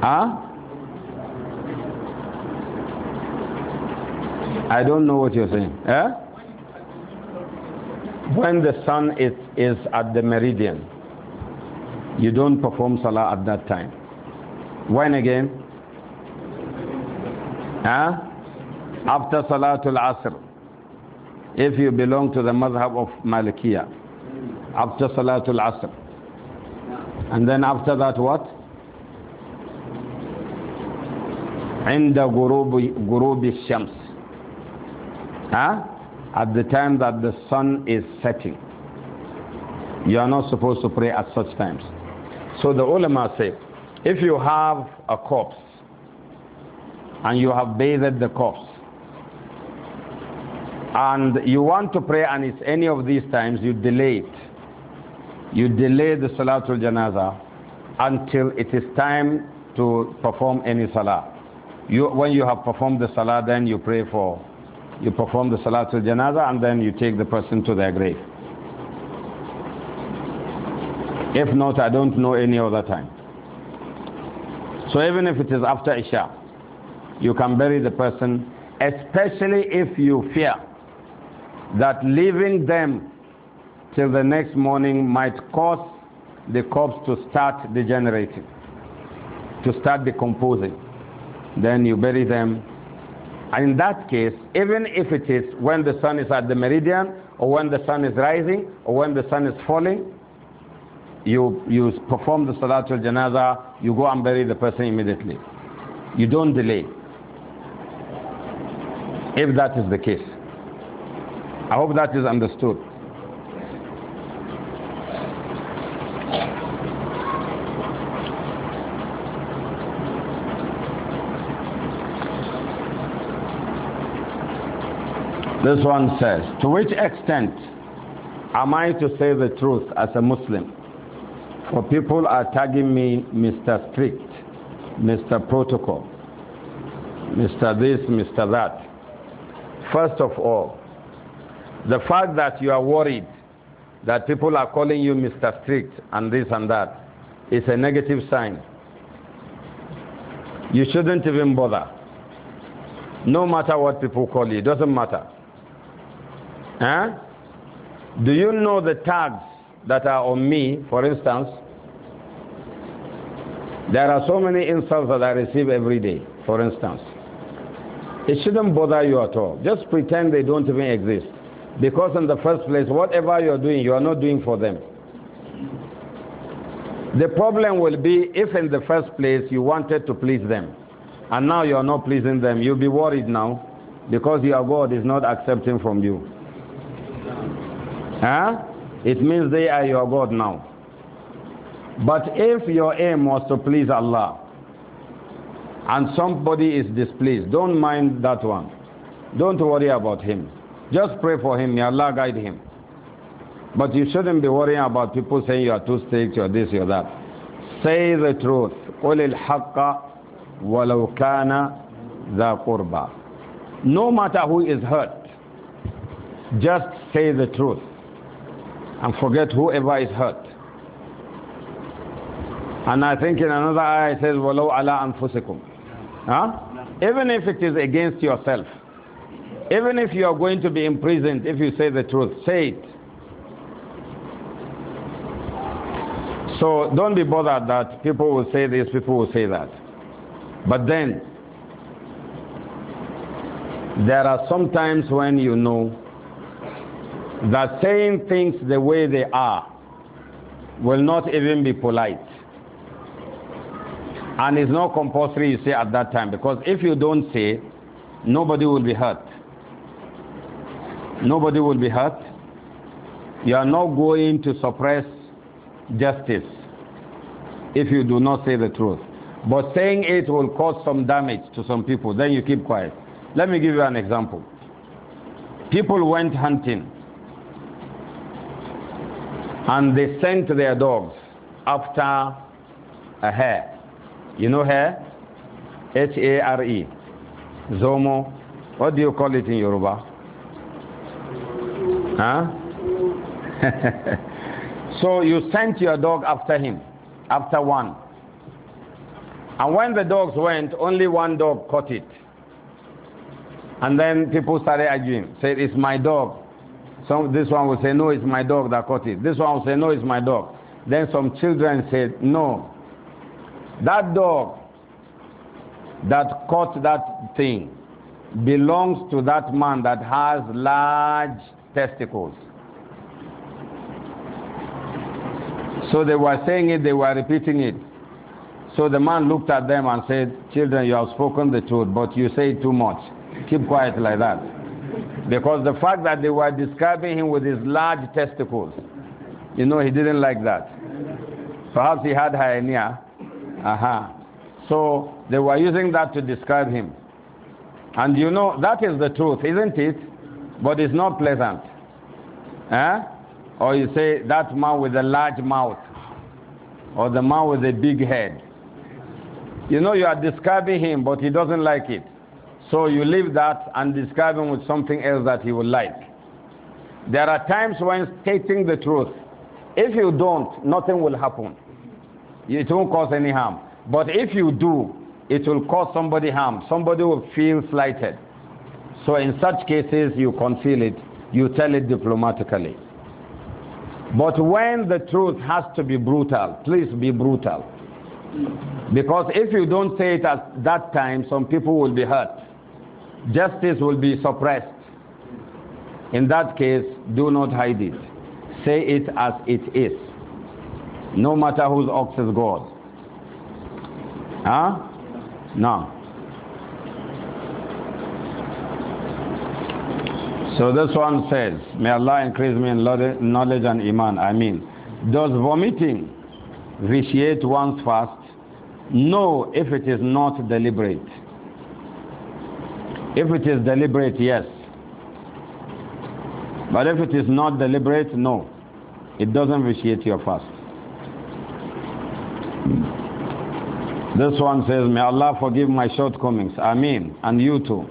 Huh? I don't know what you're saying. Eh? When the sun is, is at the meridian, you don't perform salah at that time. When again? Huh? Eh? After Salatul Asr. If you belong to the madhab of Malikiya. After Salatul Asr. And then after that what? عند غروب غروب الشمس Huh? At the time that the sun is setting. You are not supposed to pray at such times. So the ulama say, if you have a corpse and you have bathed the corpse, and you want to pray and it's any of these times, you delay it. You delay the Salatul Janaza until it is time to perform any Salah. You, when you have performed the Salah, then you pray for you perform the Salatul Janaza and then you take the person to their grave. If not, I don't know any other time. So even if it is after Isha, you can bury the person, especially if you fear that leaving them till the next morning might cause the corpse to start degenerating, to start decomposing. Then you bury them and in that case, even if it is when the sun is at the meridian, or when the sun is rising, or when the sun is falling, you, you perform the Salatul Janaza, you go and bury the person immediately. You don't delay. If that is the case. I hope that is understood. This one says, To which extent am I to say the truth as a Muslim? For people are tagging me Mr. Strict, Mr. Protocol, Mr. This, Mr. That. First of all, the fact that you are worried that people are calling you Mr. Strict and this and that is a negative sign. You shouldn't even bother. No matter what people call you, it doesn't matter. Huh? Do you know the tags that are on me, for instance? There are so many insults that I receive every day, for instance. It shouldn't bother you at all. Just pretend they don't even exist. Because, in the first place, whatever you're doing, you are not doing for them. The problem will be if, in the first place, you wanted to please them and now you are not pleasing them, you'll be worried now because your God is not accepting from you. Huh? It means they are your God now. But if your aim was to please Allah and somebody is displeased, don't mind that one. Don't worry about him. Just pray for him. May Allah guide him. But you shouldn't be worrying about people saying you are too strict, you are this, you are that. Say the truth. No matter who is hurt, just say the truth and forget whoever is hurt. And I think in another ayah it says, وَلَوْ عَلَىٰ أَنفُسِكُمْ huh? Even if it is against yourself, even if you are going to be imprisoned if you say the truth, say it. So don't be bothered that people will say this, people will say that. But then, there are some times when you know that saying things the way they are will not even be polite. And it's not compulsory you say at that time because if you don't say, nobody will be hurt. Nobody will be hurt. You are not going to suppress justice if you do not say the truth. But saying it will cause some damage to some people. Then you keep quiet. Let me give you an example. People went hunting and they sent their dogs after a hare. You know hare? H A R E. Zomo. What do you call it in Yoruba? Huh? so you sent your dog after him, after one. And when the dogs went, only one dog caught it. And then people started arguing, said, It's my dog. Some, this one will say, no, it's my dog that caught it. This one will say, no, it's my dog. Then some children said, no, that dog that caught that thing belongs to that man that has large testicles. So they were saying it, they were repeating it. So the man looked at them and said, Children, you have spoken the truth, but you say too much. Keep quiet like that. Because the fact that they were describing him with his large testicles, you know, he didn't like that. Perhaps he had hyena. Aha. Uh-huh. So they were using that to describe him. And you know, that is the truth, isn't it? But it's not pleasant. Eh? Or you say, that man with a large mouth. Or the man with a big head. You know, you are describing him, but he doesn't like it. So you leave that and describe him with something else that he will like. There are times when stating the truth, if you don't, nothing will happen. It won't cause any harm. But if you do, it will cause somebody harm. Somebody will feel slighted. So in such cases, you conceal it. You tell it diplomatically. But when the truth has to be brutal, please be brutal. Because if you don't say it at that time, some people will be hurt justice will be suppressed. In that case, do not hide it. Say it as it is. No matter whose ox is God. Huh? No. So this one says, May Allah increase me in knowledge and Iman. I mean, does vomiting vitiate one's fast? No, if it is not deliberate. If it is deliberate, yes. But if it is not deliberate, no. It doesn't vitiate your fast. This one says, May Allah forgive my shortcomings. Ameen. And you too.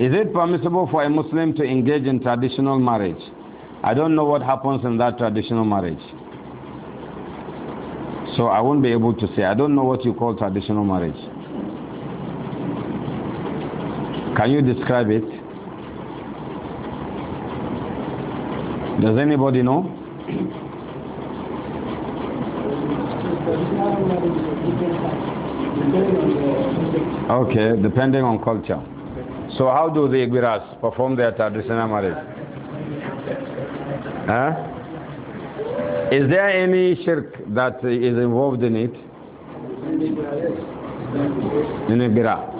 Is it permissible for a Muslim to engage in traditional marriage? I don't know what happens in that traditional marriage. So I won't be able to say. I don't know what you call traditional marriage. Can you describe it? Does anybody know? Okay, depending on culture. So how do the Igbiras perform their traditional marriage? Huh? Is there any shirk that is involved in it? In Igbira.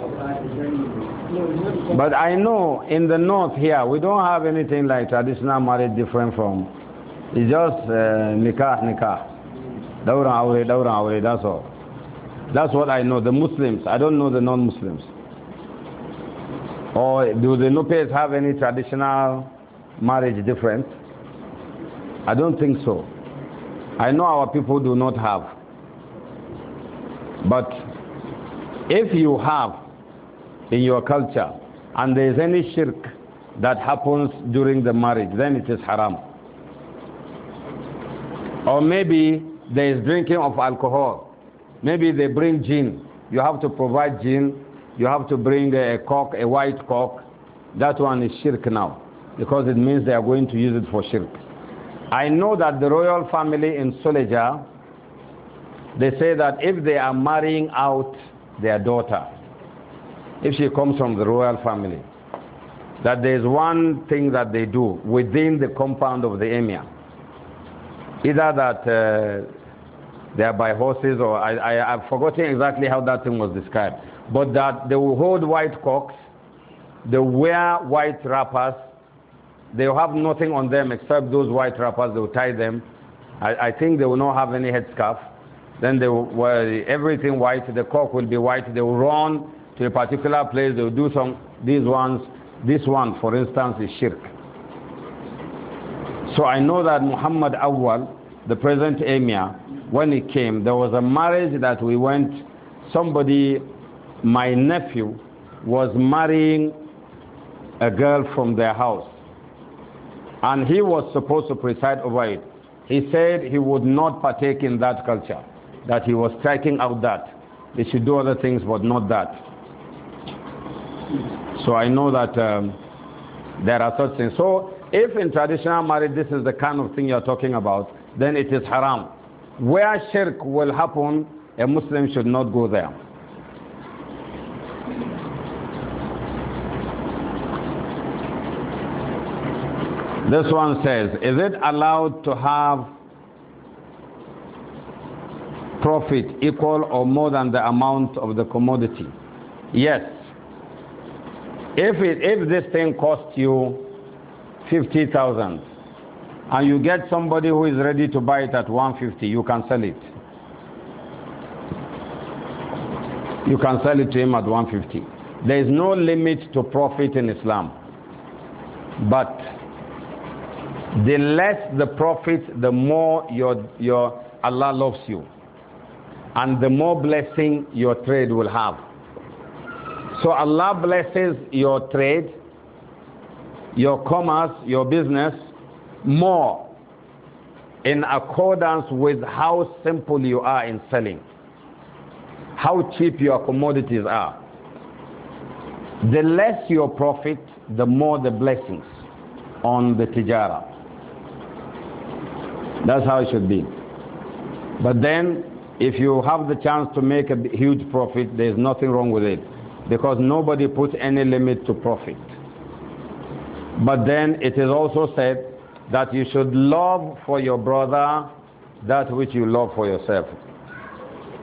But I know in the north here, we don't have anything like traditional marriage different from. It's just uh, nikah, nikah. Dawran awre, dawran awre, that's all. That's what I know. The Muslims, I don't know the non Muslims. Or do the Nupes have any traditional marriage different? I don't think so. I know our people do not have. But if you have in your culture, and there is any shirk that happens during the marriage, then it is haram. Or maybe there is drinking of alcohol. Maybe they bring gin. You have to provide gin. You have to bring a cock, a white cock. That one is shirk now because it means they are going to use it for shirk. I know that the royal family in Soleja, they say that if they are marrying out their daughter, if she comes from the royal family, that there is one thing that they do within the compound of the emir. Either that uh, they are by horses, or I, I, I've forgotten exactly how that thing was described, but that they will hold white cocks, they wear white wrappers, they have nothing on them except those white wrappers, they will tie them. I, I think they will not have any headscarf. Then they will, everything white, the cock will be white, they will run to a particular place, they will do some, these ones, this one, for instance, is shirk. So I know that Muhammad Awal, the present emir, when he came, there was a marriage that we went, somebody, my nephew, was marrying a girl from their house. And he was supposed to preside over it. He said he would not partake in that culture, that he was striking out that. They should do other things, but not that. So I know that um, there are such things. So if in traditional marriage this is the kind of thing you're talking about, then it is haram. Where shirk will happen, a Muslim should not go there. This one says, is it allowed to have profit equal or more than the amount of the commodity? Yes. If, it, if this thing costs you 50,000 and you get somebody who is ready to buy it at 150, you can sell it. You can sell it to him at 150. There is no limit to profit in Islam. But the less the profit, the more your, your Allah loves you. And the more blessing your trade will have. So Allah blesses your trade, your commerce, your business more in accordance with how simple you are in selling, how cheap your commodities are. The less your profit, the more the blessings on the tijara. That's how it should be. But then, if you have the chance to make a huge profit, there's nothing wrong with it because nobody puts any limit to profit. But then it is also said that you should love for your brother that which you love for yourself.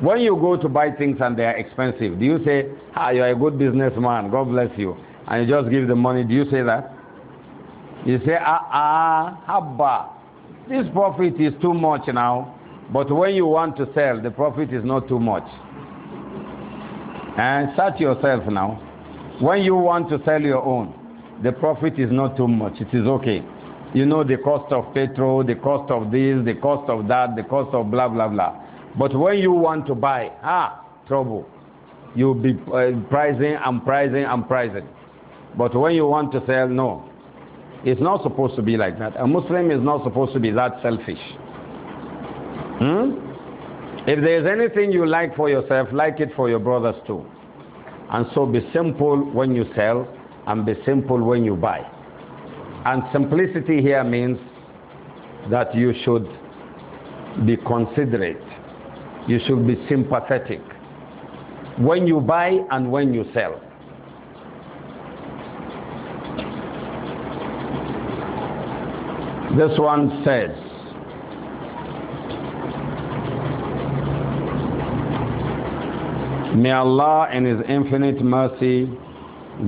When you go to buy things and they are expensive, do you say, Ah, you are a good businessman, God bless you, and you just give the money? Do you say that? You say, Ah, ah, habba, this profit is too much now, but when you want to sell, the profit is not too much. And search yourself now. When you want to sell your own, the profit is not too much. It is okay. You know the cost of petrol, the cost of this, the cost of that, the cost of blah, blah, blah. But when you want to buy, ah, trouble. You'll be uh, pricing and pricing and pricing. But when you want to sell, no. It's not supposed to be like that. A Muslim is not supposed to be that selfish. Hmm? If there is anything you like for yourself, like it for your brothers too. And so be simple when you sell and be simple when you buy. And simplicity here means that you should be considerate. You should be sympathetic when you buy and when you sell. This one says, May Allah in His infinite mercy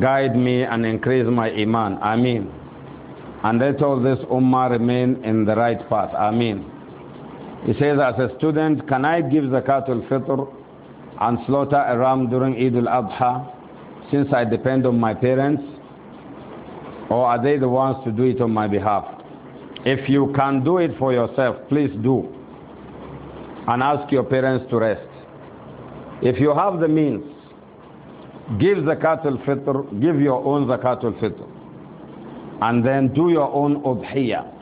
guide me and increase my iman. Ameen. And let all this ummah remain in the right path. Ameen. He says, as a student, can I give zakatul fitr and slaughter a ram during Eid al-Adha since I depend on my parents? Or are they the ones to do it on my behalf? If you can do it for yourself, please do. And ask your parents to rest. If you have the means, give the cattle fitr give your own the cattle fitr And then do your own udhiyah.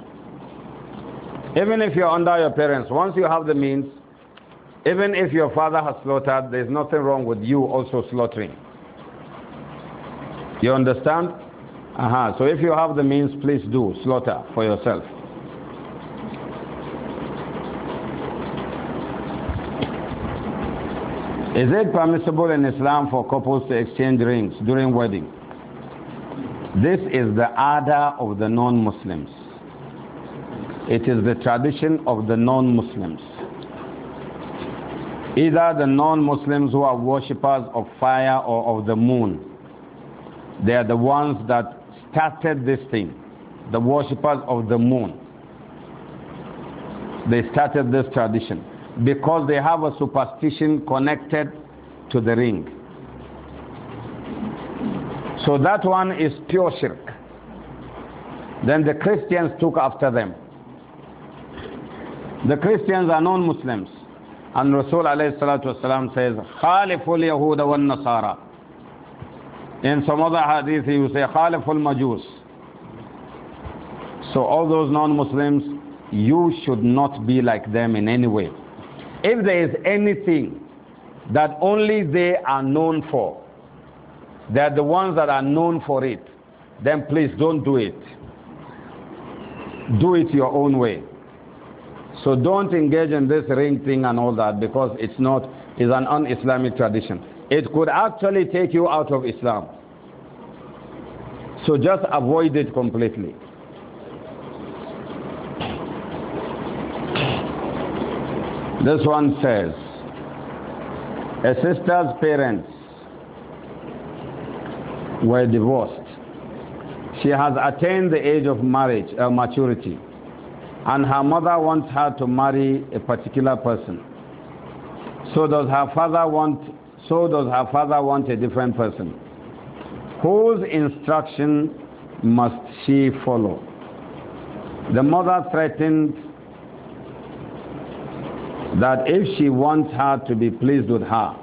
Even if you're under your parents, once you have the means, even if your father has slaughtered, there's nothing wrong with you also slaughtering. You understand? Uh -huh. So if you have the means, please do slaughter for yourself. Is it permissible in Islam for couples to exchange rings during wedding? This is the ada of the non-Muslims. It is the tradition of the non-Muslims. Either the non-Muslims who are worshippers of fire or of the moon. They are the ones that started this thing, the worshippers of the moon. They started this tradition because they have a superstition connected to the ring. So that one is pure shirk. Then the Christians took after them. The Christians are non Muslims. And Rasul والسلام, says, Yahuda wal Nasara." In some other hadith, you say, Khaliful Majus." So all those non Muslims, you should not be like them in any way. If there is anything that only they are known for, they are the ones that are known for it, then please don't do it. Do it your own way. So don't engage in this ring thing and all that because it's not, it's an un Islamic tradition. It could actually take you out of Islam. So just avoid it completely. This one says, a sister's parents were divorced. She has attained the age of marriage, uh, maturity, and her mother wants her to marry a particular person. So does her father want so does her father want a different person. Whose instruction must she follow? The mother threatened that if she wants her to be pleased with her,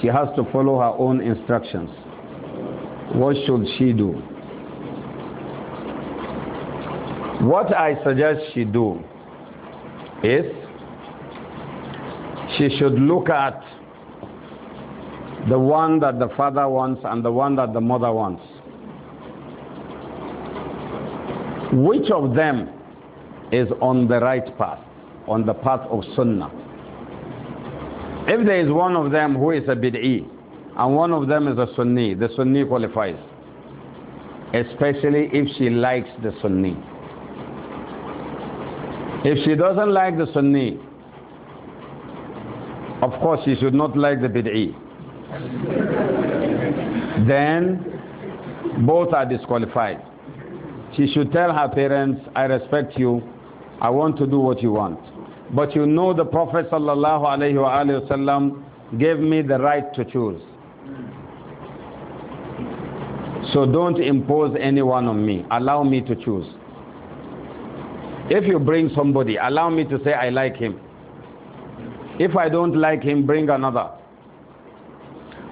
she has to follow her own instructions. What should she do? What I suggest she do is she should look at the one that the father wants and the one that the mother wants. Which of them is on the right path? on the path of Sunnah. If there is one of them who is a bid'i and one of them is a Sunni, the Sunni qualifies. Especially if she likes the Sunni. If she doesn't like the Sunni, of course she should not like the bid'i. then both are disqualified. She should tell her parents, I respect you, I want to do what you want. But you know the Prophet ﷺ gave me the right to choose. So don't impose anyone on me. Allow me to choose. If you bring somebody, allow me to say I like him. If I don't like him, bring another.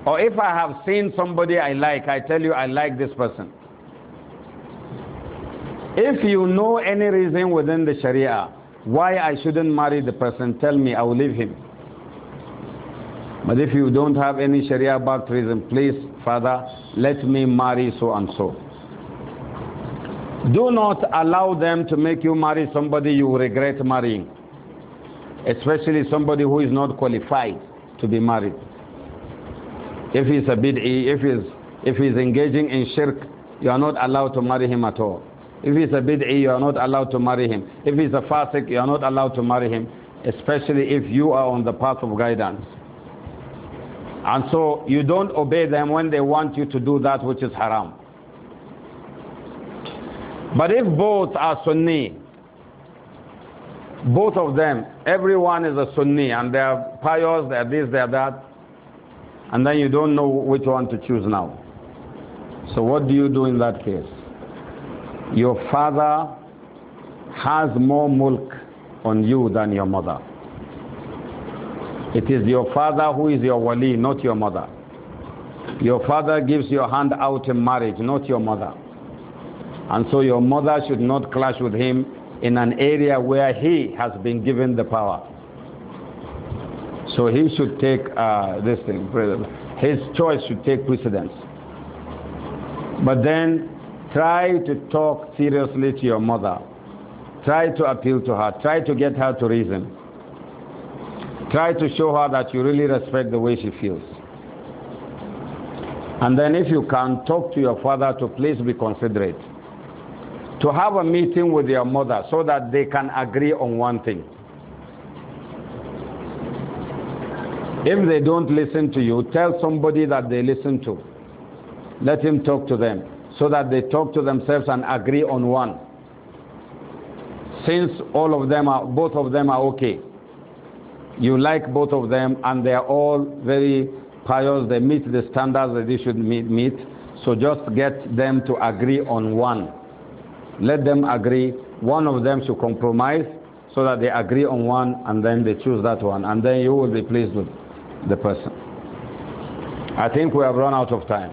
Or if I have seen somebody I like, I tell you I like this person. If you know any reason within the Sharia why I shouldn't marry the person, tell me, I will leave him. But if you don't have any Sharia backed reason, please, Father, let me marry so and so. Do not allow them to make you marry somebody you regret marrying, especially somebody who is not qualified to be married. If he's a bid'i, if he's, if he's engaging in shirk, you are not allowed to marry him at all. If he's a bid'i, you are not allowed to marry him. If he's a fasik, you are not allowed to marry him, especially if you are on the path of guidance. And so you don't obey them when they want you to do that which is haram. But if both are Sunni, both of them, everyone is a Sunni and they are pious, they are this, they are that, and then you don't know which one to choose now. So what do you do in that case? your father has more mulk on you than your mother. It is your father who is your wali, not your mother. Your father gives your hand out in marriage, not your mother. And so your mother should not clash with him in an area where he has been given the power. So he should take uh, this thing, his choice should take precedence. But then Try to talk seriously to your mother. Try to appeal to her. Try to get her to reason. Try to show her that you really respect the way she feels. And then, if you can, talk to your father to please be considerate. To have a meeting with your mother so that they can agree on one thing. If they don't listen to you, tell somebody that they listen to. Let him talk to them so that they talk to themselves and agree on one. Since all of them are, both of them are okay. You like both of them, and they are all very pious. They meet the standards that they should meet. meet. So just get them to agree on one. Let them agree. One of them should compromise so that they agree on one, and then they choose that one, and then you will be pleased with the person. I think we have run out of time.